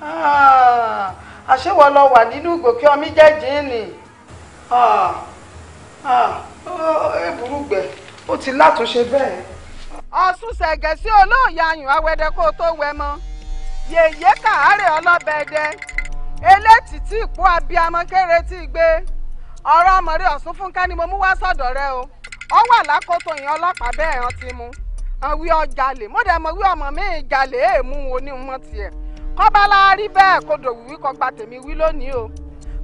ah, àṣewọ lọ wà nínú gòkè omi jẹjẹ ni ah, ah, oh, eburúgbẹ eh, ó ti látúnṣe bẹ́ẹ̀. ọ̀sùn ṣẹ̀gẹ̀ sí olóòyà ayùn awẹ́dẹ kó o tó wẹ mọ́ yèyé kàárẹ̀ ọlọ́bẹ̀ẹ́dẹ elétìtì ìpó abiyamọ kéré tí gbé ọ̀rọ̀ ọmọ rẹ̀ Ọ̀ṣunfúnkẹ́ ni mo mú wá sọ̀dọ̀ rẹ o ọ wà lákòótò yẹn ọlọ́pàá bẹ́ẹ̀ hàn ti mú àwí ọjàlè mọ̀dà mọ̀ wí ọmọ mi ìjàlè èèmú wọn ní wọn tiẹ̀ kọ́ba la rí bẹ́ẹ̀ kó dòwú wí kọ́ gba tèmi wí lónìí o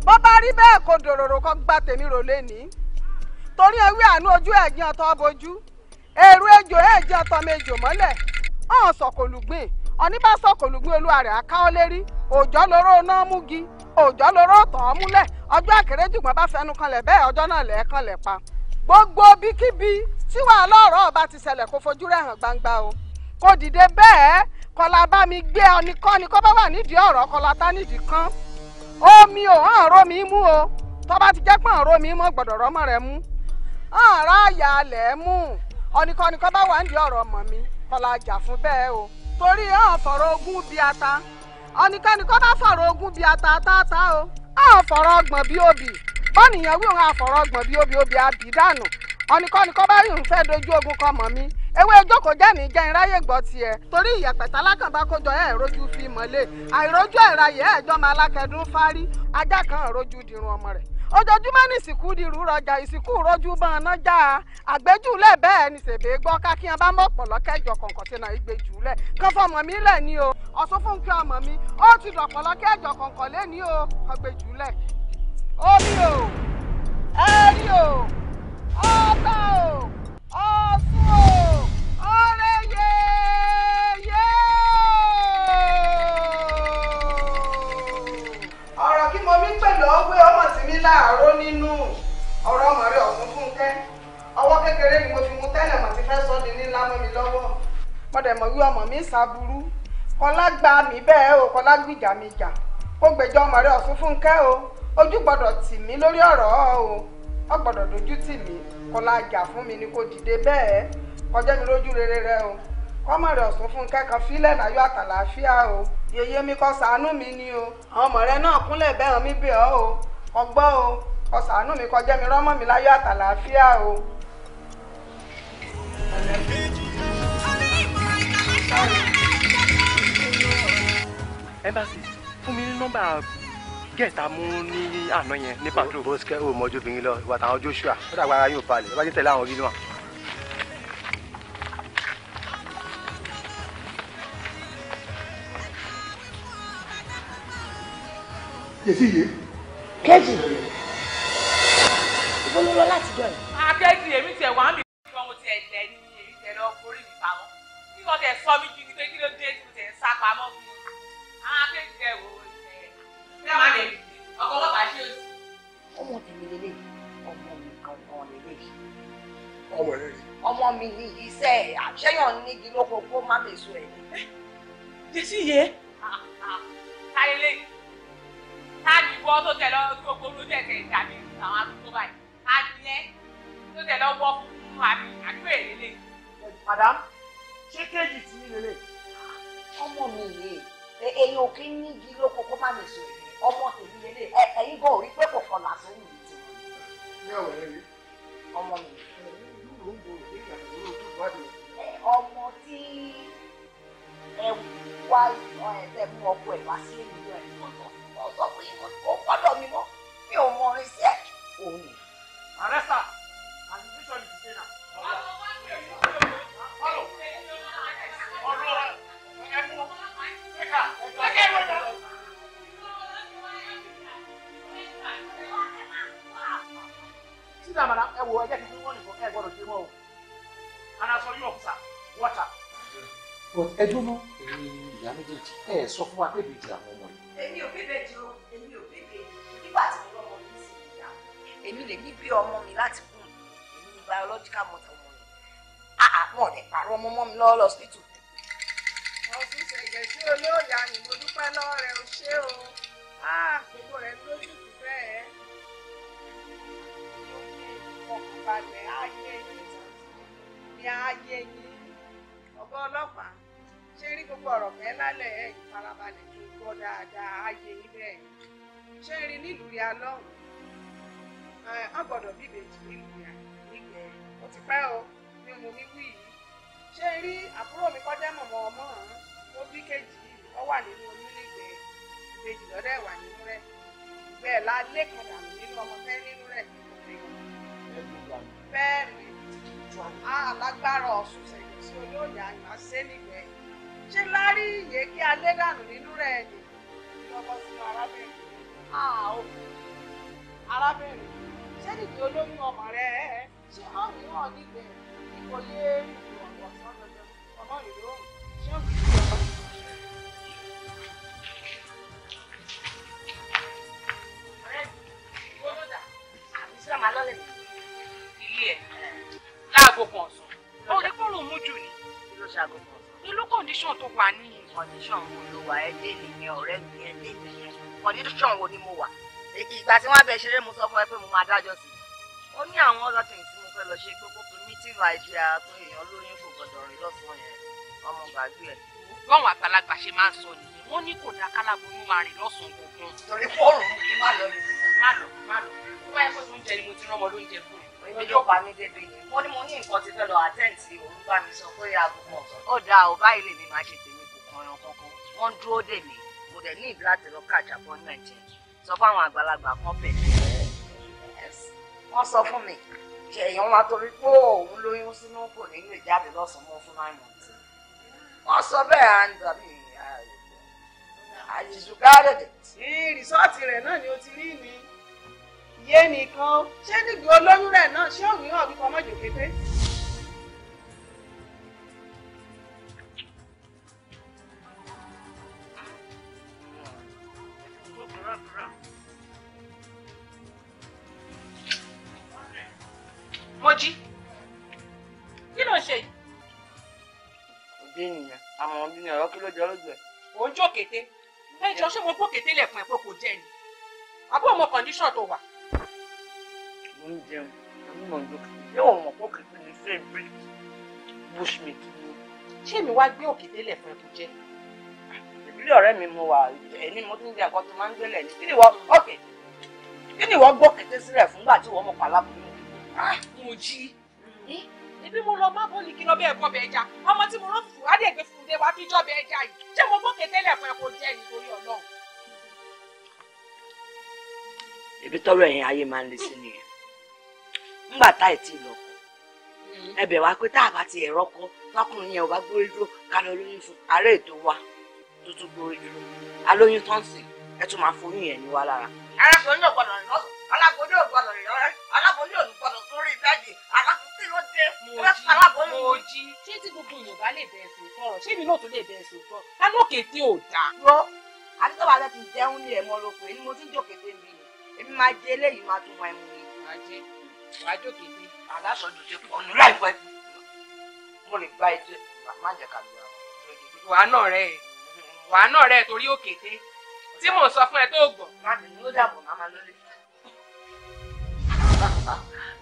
bó bá rí bẹ́ẹ̀ kó dòròrò kọ́ gba tèmi rò lénìí torí ewé àánú ojú ẹ̀gbìn ọ̀tọ̀ bojú èrò ejò èjì ọ̀tọ̀ mejò mọ́lẹ̀ ọ̀hún sọ̀kòlùgbìn ọ̀ní bá sọ̀kòlùgbìn olúwa rẹ̀ akáwọ́ lérí òjò lóró náà múgi òjò lóró tọ̀ ọ́ múlẹ̀ ọjọ́ àkèrè jùgbọ́n bá fẹnu kanlẹ̀ bẹ́ẹ̀ ọjọ́ náà lẹ́ẹ̀kanlẹ̀ pa gbogbo bíkíbi tí wàhálà ọ̀rọ̀ ọba ti ṣẹlẹ̀ kó fojú rẹ̀ hàn gbangba o kò dìde bẹ́ẹ̀ kọlá bá mi gbé ni kó bá wà nídìí ọ̀rọ̀ kọlá tá nídìí kan omi ò hàn ró mi mú o tó bá ti jẹ́ pé hàn ró mi mọ́ gbọ́dọ̀ rọ́mọ rẹ̀ mú hàn rá àyà lẹ̀ mú ọnikọ́ni kó bá wà nídìí ọ̀rọ̀ mọ̀ mi kọlá jà fún bẹ́ẹ̀ o torí hàn fọ̀rọ̀ ogún bí ata ọnikọ́ni kó bá fọ̀rọ̀ ogún bí ata táta o hàn fọ̀rọ̀ ọgbọ̀n bí obì bọ́nìyàn wí òun àfọ̀rọ̀ ọgbọ̀n bí obì obì àbí dànù ọ̀nìkọ́ni kọ́ bá fẹ́ dojú ogun kan mọ̀ ewé ọjọ́ kò jẹ́ ní jẹ́n ráyè gbọ́ tiẹ̀ torí ìyẹ̀pẹ̀tà alákànbá kójọ ẹ̀ rojú fi ẹ̀ráyè ẹ̀jọ́ máa lákẹ́dún fárí ajá kan rojú dirun ọmọ rẹ̀ ojoojúmọ́ ní ìsìnkú rọjà ìsìnkú rojú bọ́n ọ̀nà já a àgbéjúlẹ̀ gbọ́ kákí ọba mọ̀ tí náà kan ọmọ mi omi o ẹ̀rí o ọba o ọ̀fun o ọ̀rẹ́ yẹ̀yẹ́ o. ọ̀rọ̀ kí mo mi pẹ̀lú ọgbẹ́ ọmọ tí mi láàárọ̀ nínú ọ̀rọ̀ ọmọ rẹ̀ ọ̀sùn fúnkẹ́ ọwọ́ kékeré ni mo fi mú tẹ́lẹ̀ mọ̀ ti fẹ́ sọ di ńlá mọ́ mi lọ́wọ́ mo dẹ̀ mọ̀ wí ọmọ mi ṣàbùrú kọlá gba mi bẹ́ẹ̀ o kọlá gbìjà mi jà kó gbẹjọ́ ọmọ rẹ̀ ọ̀sùn fúnkẹ́ o. ojú gbọ́dọ̀ tì mí lórí ọ̀rọ̀ o ọ gbọ́dọ̀ dojú tì mí kó la jà fún mi ni kò dìde bẹ́ẹ̀ kọjá mi lójú rere rẹ o kọ́mọ rẹ̀ ọ̀sùn fún kẹ́kọ̀ọ́ fílẹ̀ láyọ̀ àtàlàáfíà o yèyé mi kó ṣàánú mi ni o àwọn ọmọ rẹ náà kúnlẹ̀ bẹ́ẹ̀ mi bẹ̀ ọ́ o ọgbọ́n o kó ṣàánú mi kọjá mi rọ́mọ́ mi láyọ̀ àtàlàáfíà o. ẹ bá sì fún mi ní nọ́mbà gẹ́ẹ̀ta mú ní àná yẹn ní pàtó. bó ṣe ó mọ ojóbìnrin lọ ìwà táwọn Joshua ó dàgbà ara yóò balẹ̀ ó bá jẹ́ tẹ̀lé àwọn orí náà. yèsí yìí. kẹ́jì ìbò ló lọ láti jọ yìí. akẹ́jì ah, èmi tẹ̀ wá mi. ìwọ mo tiẹ̀ lẹ ní èmi tẹ̀ lọ borí mi pa bí wọ́n tẹ̀ sọ mí ju ní pé kí ló dé tí mo tẹ̀ ń sá pamọ́ fún mi. akẹ́jì ah, ẹ̀ wò ó ọmọ tèmi lélẹ̀ ọmọ mi kankan lélẹ̀ ọmọ lélẹ̀ ọmọ mi ni iṣẹ́ àṣẹyàn nígi lóko kó má lè so ẹ̀ ní. jésù yé. táyé lè táàdì bọ́ tó tẹ̀ lọ sí oko ló tẹ̀sẹ̀ tàbí àwọn arúgbó báyìí táàdì yẹn tó tẹ̀ lọ bọ́ fún àmì àdúrà lélẹ̀. madam ṣé kéèjì tí ní lélẹ̀ ọmọ mi yìí èyí ò kí ń nígi lóko kó má lè so ẹ̀ ọmọ tèmi lélẹ̀ ẹ ẹ̀yin gan orí pé kò kàn lásán ní ìlú tiwọn. ní àwọn ẹni ọmọ mi. ọmọ tí ẹ wá ẹ mú ọkọ ẹ wá sí ìlú ẹ ló sọ pé ọgbọ́dọ̀ mi mọ́ mi ò mọ orin sí ẹ. òun ni. àrẹ́sà àti bíṣọ̀ ní ti dé náà. Thank you. sísá màdà ẹ wò ẹ jẹ́ kí n wọ́n nìkan ẹ gbọ́dọ̀ ṣe mọ́ o anasọ yóò fisa wọ́tà. ẹ dúró mọ ẹ̀yin ìyá méjèèjì ẹ sọ fún wa pé bèjì àwọn ọmọ yìí. èmi ò bèbè jù ú èmi ò bèbè nígbà tí mo lọ́mọ mi sì yá èmi lè ní bí ọmọ mi láti kú èmi ní biological mother ọmọ mi àà wọn ò dẹ̀ pààrọ̀ ọmọ mọ́ mi lọ́wọ́ lọ sí tù. ọ̀sùn ṣẹ̀gẹ̀ sí olóòyà ni mo dúpẹ́ lọ́wọ́ rẹ̀ o ṣé o gbogbo rẹ̀ lójú kù bẹ́ẹ̀. ìfọ̀kànbalẹ̀ ayé yín ní ayé yín ọ̀gá ọlọ́pàá ṣé rí gbogbo ọ̀rọ̀ fẹ́ lálẹ́ ẹ̀ tó gbọ́ dáadáa ayé yín bẹ́ẹ̀ rí nílùú rí alọ́hùn ọ ti o n'ihu ọmọ la dànù nínú bẹ́ẹ̀rẹ̀ alágbára ọ̀sùn ṣẹ̀yìn sí olóòyà àyà ṣé nígbẹ̀yìn ṣé lárí iye kí alẹ́ dànù nínú rẹ̀ ni lọ́kọ́ sínú arábìnrin àó arábìnrin ṣé nìdí olóyún ọmọ rẹ̀ ṣé hàn mí nígbẹ̀ ìkòyé ìlú ọ̀pọ̀ díẹ̀ láago kan ọ̀sán ó ní kó lóun mú jù ní. kí ló ṣàgò kan ọ̀sán. ní ló kọ́ndíṣọ̀n tó wà ní. kọ́ndíṣọ̀n wo ló wà ẹ́ dé nìyẹn ọ̀rẹ́ mi ẹ́ dé nìyẹn kọ́ndíṣọ̀n wo ni mo wà. ìgbà tí wọ́n bẹ ṣeré mo sọ fún ẹ pé mo máa dájọ́ sí i. ó ní àwọn ọ̀rọ̀ tí mo fẹ́ lọ ṣe gbogbo fún mítìn nàìjíríà pé èèyàn lóyún kò gbọdọ̀ rìn lọ́sàn-án yẹn ọmọ gbàgbé ẹ̀. bọ́wọ̀n àgbàlagbà ṣe máa ń sọ nìyẹn wọ́n ní kò dá kálábóyún máa rìn lọ́sàn-án gbogbo. má lọ ní. má lọ má lọ. wọ́n yẹ kó tó ni mo ti rán ọmọ lóúnjẹ fún mi èmi ló bá mi débi wọ́n ní mo ní nǹkan ti fẹ́ lọ àtẹ́ǹtì òun bá mi sọ pé aago kan ọ̀sán. ó dáa ò báyìí lèmi máa ṣe tèmi kò kan ẹran kankan wọ́n ń dúró dè mí mo dẹ̀ ní ìdí láti lọ kájà appointment yẹn sọ fáwọn àgbàlagbà kan bẹ̀ mí. wọ́n sọ fún mi ṣe èèyàn máa torí pé òun lóyún sínú kò nínú ìjáde lọ́sàn-án mọ́ fún nine months. wọ́n sọ bẹ́ẹ̀ à ń dàbí àyè àyè ṣùgbọ́n àdèdè. ìrìsọ́ọ̀tì rẹ̀ náà ni ó ti rí ni yé nìkan ṣé nígbà olóyún rẹ̀ náà ṣé òun hàn wípé ọmọ jò kété. Mojí kí ló ń ṣe yìí. òbí ènìyàn àmọ́ òbí ènìyàn ọ̀rọ̀ kí ló jọ lójú ẹ̀. òun jó kété ẹ jọ ṣé mo pò kété lẹ̀kùn ẹ̀ pé kò jẹ́ ni àbúrò mo condition tó wà tó ń jẹun àwọn ọmọ ìlú kìí yóò mọ̀ pọ̀ kìí ní favourite bushmeat ni. ṣé èmi wá gbé òkè délẹ̀ fún ẹ kó jẹ́? ìbílẹ̀ ọ̀rẹ́ mi mo wà ẹni mo tún jẹ́ àkọ́tún máa ń gbélẹ̀ ní kí ni wọ́n ọ̀kẹ́ kí ni wọ́n gbọ́ kété sílẹ̀ fúngbà tí wọ́n mọ̀ pàlábùú. Ah, mo jí ebi mo lọ máa bọ́ ní kí lọ bẹ́ẹ̀ kọ́ bẹ́ẹ̀ já ọmọ tí mo rán fùfú adé gbé fún mi wá fi jọ́ bẹ́ẹ̀ já yìí ṣé mo gbókè tẹ́lẹ̀ fún ẹ kó jẹ́ nítorí ọlọ́run. ibi tọrọ ẹ̀yìn ayé máa ń le sí nìyẹn ńgbà tá ẹ̀ ti lọ́kọ hmm. ẹbẹ̀ wá pé tá a bá ti ẹ̀rọ kọ lọ́kùnrin yẹn ò bá gbórí dúró ká lọ lóyún fún ààrẹ ètò wa tó tún gbórí dúró alóyún tó ń sìn ẹ tún máa foyún yẹn ní wa lára. aláboyún ò gbọ́dọ̀ rìn lọ́sùn aláboyún ò gbọ́dọ̀ rìn lọ́rẹ́ aláboyún ò gbọ́dọ̀ sórí bẹ́ẹ̀dì alákùnkùn ló dé aláboyún. mo jí ṣé tí gbogbo èèyàn bá lè bẹ̀rẹ̀ sí tọrọ ṣé mi náà tún lè bẹ̀rẹ̀ sí tọrọ ká lókè tí ò dáa. rọ adétọ́ba lẹ ti jẹun ní ẹ̀mọ́ lóko èyí ni mo ti ń jòkè débi èmi máa jẹ eléyìí máa tún wá ẹmu ni àjòkèdè alásọjù ti pọ̀ nù láìpẹ́ mo lè gba ètò má jẹ́ ká lu àwọn. wàá náà rẹ wàá náà rẹ torí òkété tí mò ń sọ fún ẹ tó gbọ́. má bínú ló dàbọ̀ màmá lórí.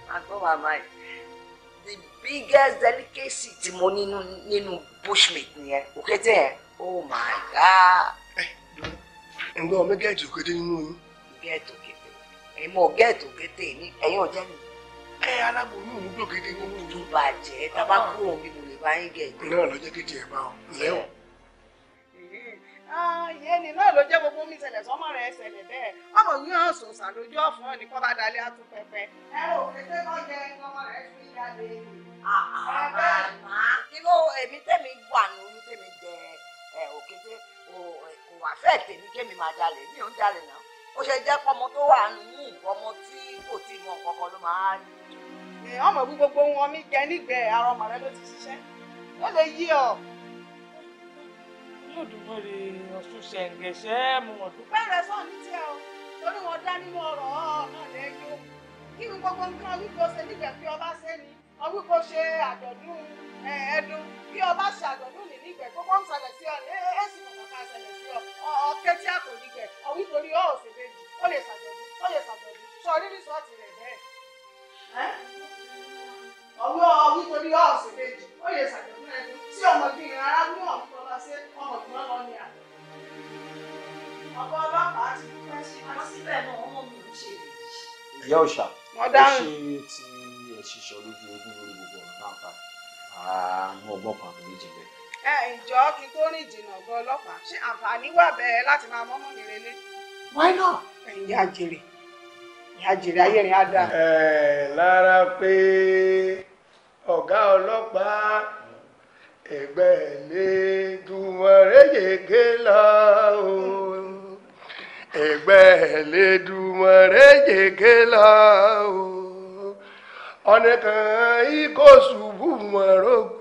má gbọ́ màmá yìí the biggest delicacy tí mo nínú nínú bushmeat nìyẹn òkété yẹn oh my god. ǹgbọ́n mi gẹ́ẹ̀tì òkété nínú yín. gẹ́ẹ̀tì òkété ẹ̀yin mọ̀ gẹ́ẹ̀tì òkété ẹ̀yin ọ̀jẹ̀ mi ẹ aláboyún òun dùn gidi owó ojú. bàjẹ́ tábà ah. kúrò òun bíbu lè bá yín gẹ̀ ìgbẹ́. náà ló jẹ́ kí tiẹ̀ bá ọ lẹ́wọ̀n. Eh, ah, ẹni náà ló jẹ́ gbogbo mi ṣẹlẹ̀ sọ́mọ́ rẹ̀ ṣẹlẹ̀ bẹ́ẹ̀ ọmọ yín hàn sùn sàlójú ọ̀fun ọ̀ ní kọ́ bá dalẹ̀ àtún pẹpẹ. ẹ ò fi pé kọ́ jẹ ọmọ rẹ̀ sùn jáde. àmà ah, kíló èmi tẹ̀mí wà ní orí tẹ̀mí jẹ òkété kò wà fẹ́ẹ̀ tèmi kémi máa jalè mi ò ń ó ṣe jẹ́ pọ́mọ tó wà nínú ọmọ tí kò tí mọ kankan ló máa ń ní. ọmọ ìwú gbogbo wọn mi gẹ nígbẹ̀ẹ́ ara ọmọ rẹ ló ti ṣiṣẹ́ ó lè yí ọ. olódùmarè ọ̀ṣun ṣẹ̀ǹgẹ̀ṣẹ́ mo mọ̀ dúpẹ́. bẹ́ẹ̀ rẹ sọ ní tiẹ̀ o torí wọn dá nínú ọ̀rọ̀ náà kí ni gbogbo nǹkan wípé o ṣe nígbẹ̀ẹ́ fi ọba sẹ́ni ọwípo ṣe àjọ̀dún ẹ̀ẹ́dùn bí ọba ṣàjọ̀dún nì nígbẹ̀ẹ́ gbogbo ń ṣẹlẹ̀ sí ọ ọ̀kẹ́tì àkòrí gẹ̀ ọ̀wí torí ọ̀ọ̀sẹ̀ méjì ó lè ṣàjọ̀dún ó lè ṣàjọ̀dún sọ rí rìsọ́ọ̀tì rẹ̀ bẹ́ẹ̀. ọ̀wí ọ̀wí torí ọ̀ọ̀sẹ̀ méjì ó lè ṣàjọ̀dún ẹni tí ọmọdé yẹn rárá ní ọ̀wí tó lọ sí ọmọdé wọn lọ ní àná. ọ̀pọ̀ ọlọ́pàá ti pẹ́ sí wọn síbẹ̀ náà ọmọ mi ò ṣe ìyá òòṣà ó ṣe ti ẹ̀ṣiṣọ́ lójú ogun lórí gbogbo ọ̀nà táǹfà ah, àwọn ọgbọ́n kan àti méjì bẹ́ẹ̀. ǹjọ́ kí tó rìn jìnnà gan ọlọ́pàá ṣe àǹfààní wà bẹ́ẹ̀ láti máa mọ́mọ́ mi relé. why not. ẹ̀yin ayé rìn ẹ lára pé ọ̀gá ọlọ́pàá ẹgbẹ́ dùnmọ̀ rẹ́yẹ̀gẹ́ lọ ẹgbẹ́ dùnmọ̀ rẹ́yẹ̀gẹ́ lọ ikọ̀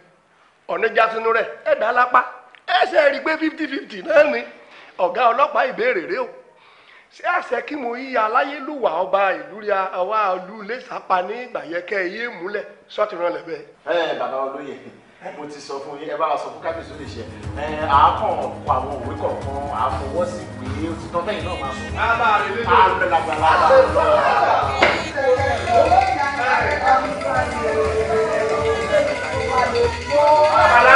ọ̀nà já sínú rẹ̀ ẹ̀ dá lápá ẹ̀ ṣe rí i pé fifty fifty náà ni ọ̀gá ọlọ́pàá ìbéèrè rẹ o ṣé àṣẹ kí mo yí aláyélúwà ọba ìlú ria àwa ìlú lẹ́sàpá ní ìgbàyẹ̀kẹ́ iye múlẹ̀ sọ́tìrán lẹ́bẹ̀. ẹ bàbá olóyè mo ti sọ fún yín ẹ bá wa sọ fún kábíyèsí lè ṣe ẹ àákàn kọ àwọn òwe kọ̀ọ̀kan àfọwọ́sí pé ó ti náà máa sọ. bàbá rẹ lè lò ó bẹ̀rẹ̀ àbàlá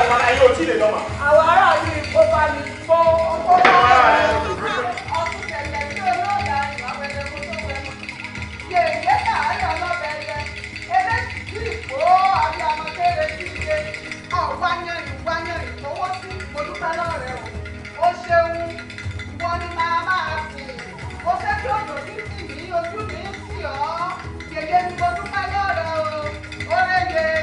àbàlá yóò tí lè lọ́mọ. àwọn ará mi kó bá mi fọ́ ọkọ̀ bá wà lẹ́yìn. ọkùnrin tẹ̀lé tí olóòdà ìwà wẹ̀lẹ̀ mú tó wẹ̀ mọ́. yèyé tà ayọ̀ lọ́bẹ̀ẹ́lẹ̀ eléjì ìfò àbí àmọ́tẹ́rẹ́ ti ṣe ọ̀wáyàn ìwáyàn ìfowó sí olùkọ́lọ́ rẹ̀ o. ó ṣeun ìwọ ni màá máa fi ó fẹ́ kí òjò sí tì mí ojú mi ń tì ọ́ yèyé ni mo dúpẹ́ lọ́rọ̀ o ó rẹ̀ yẹ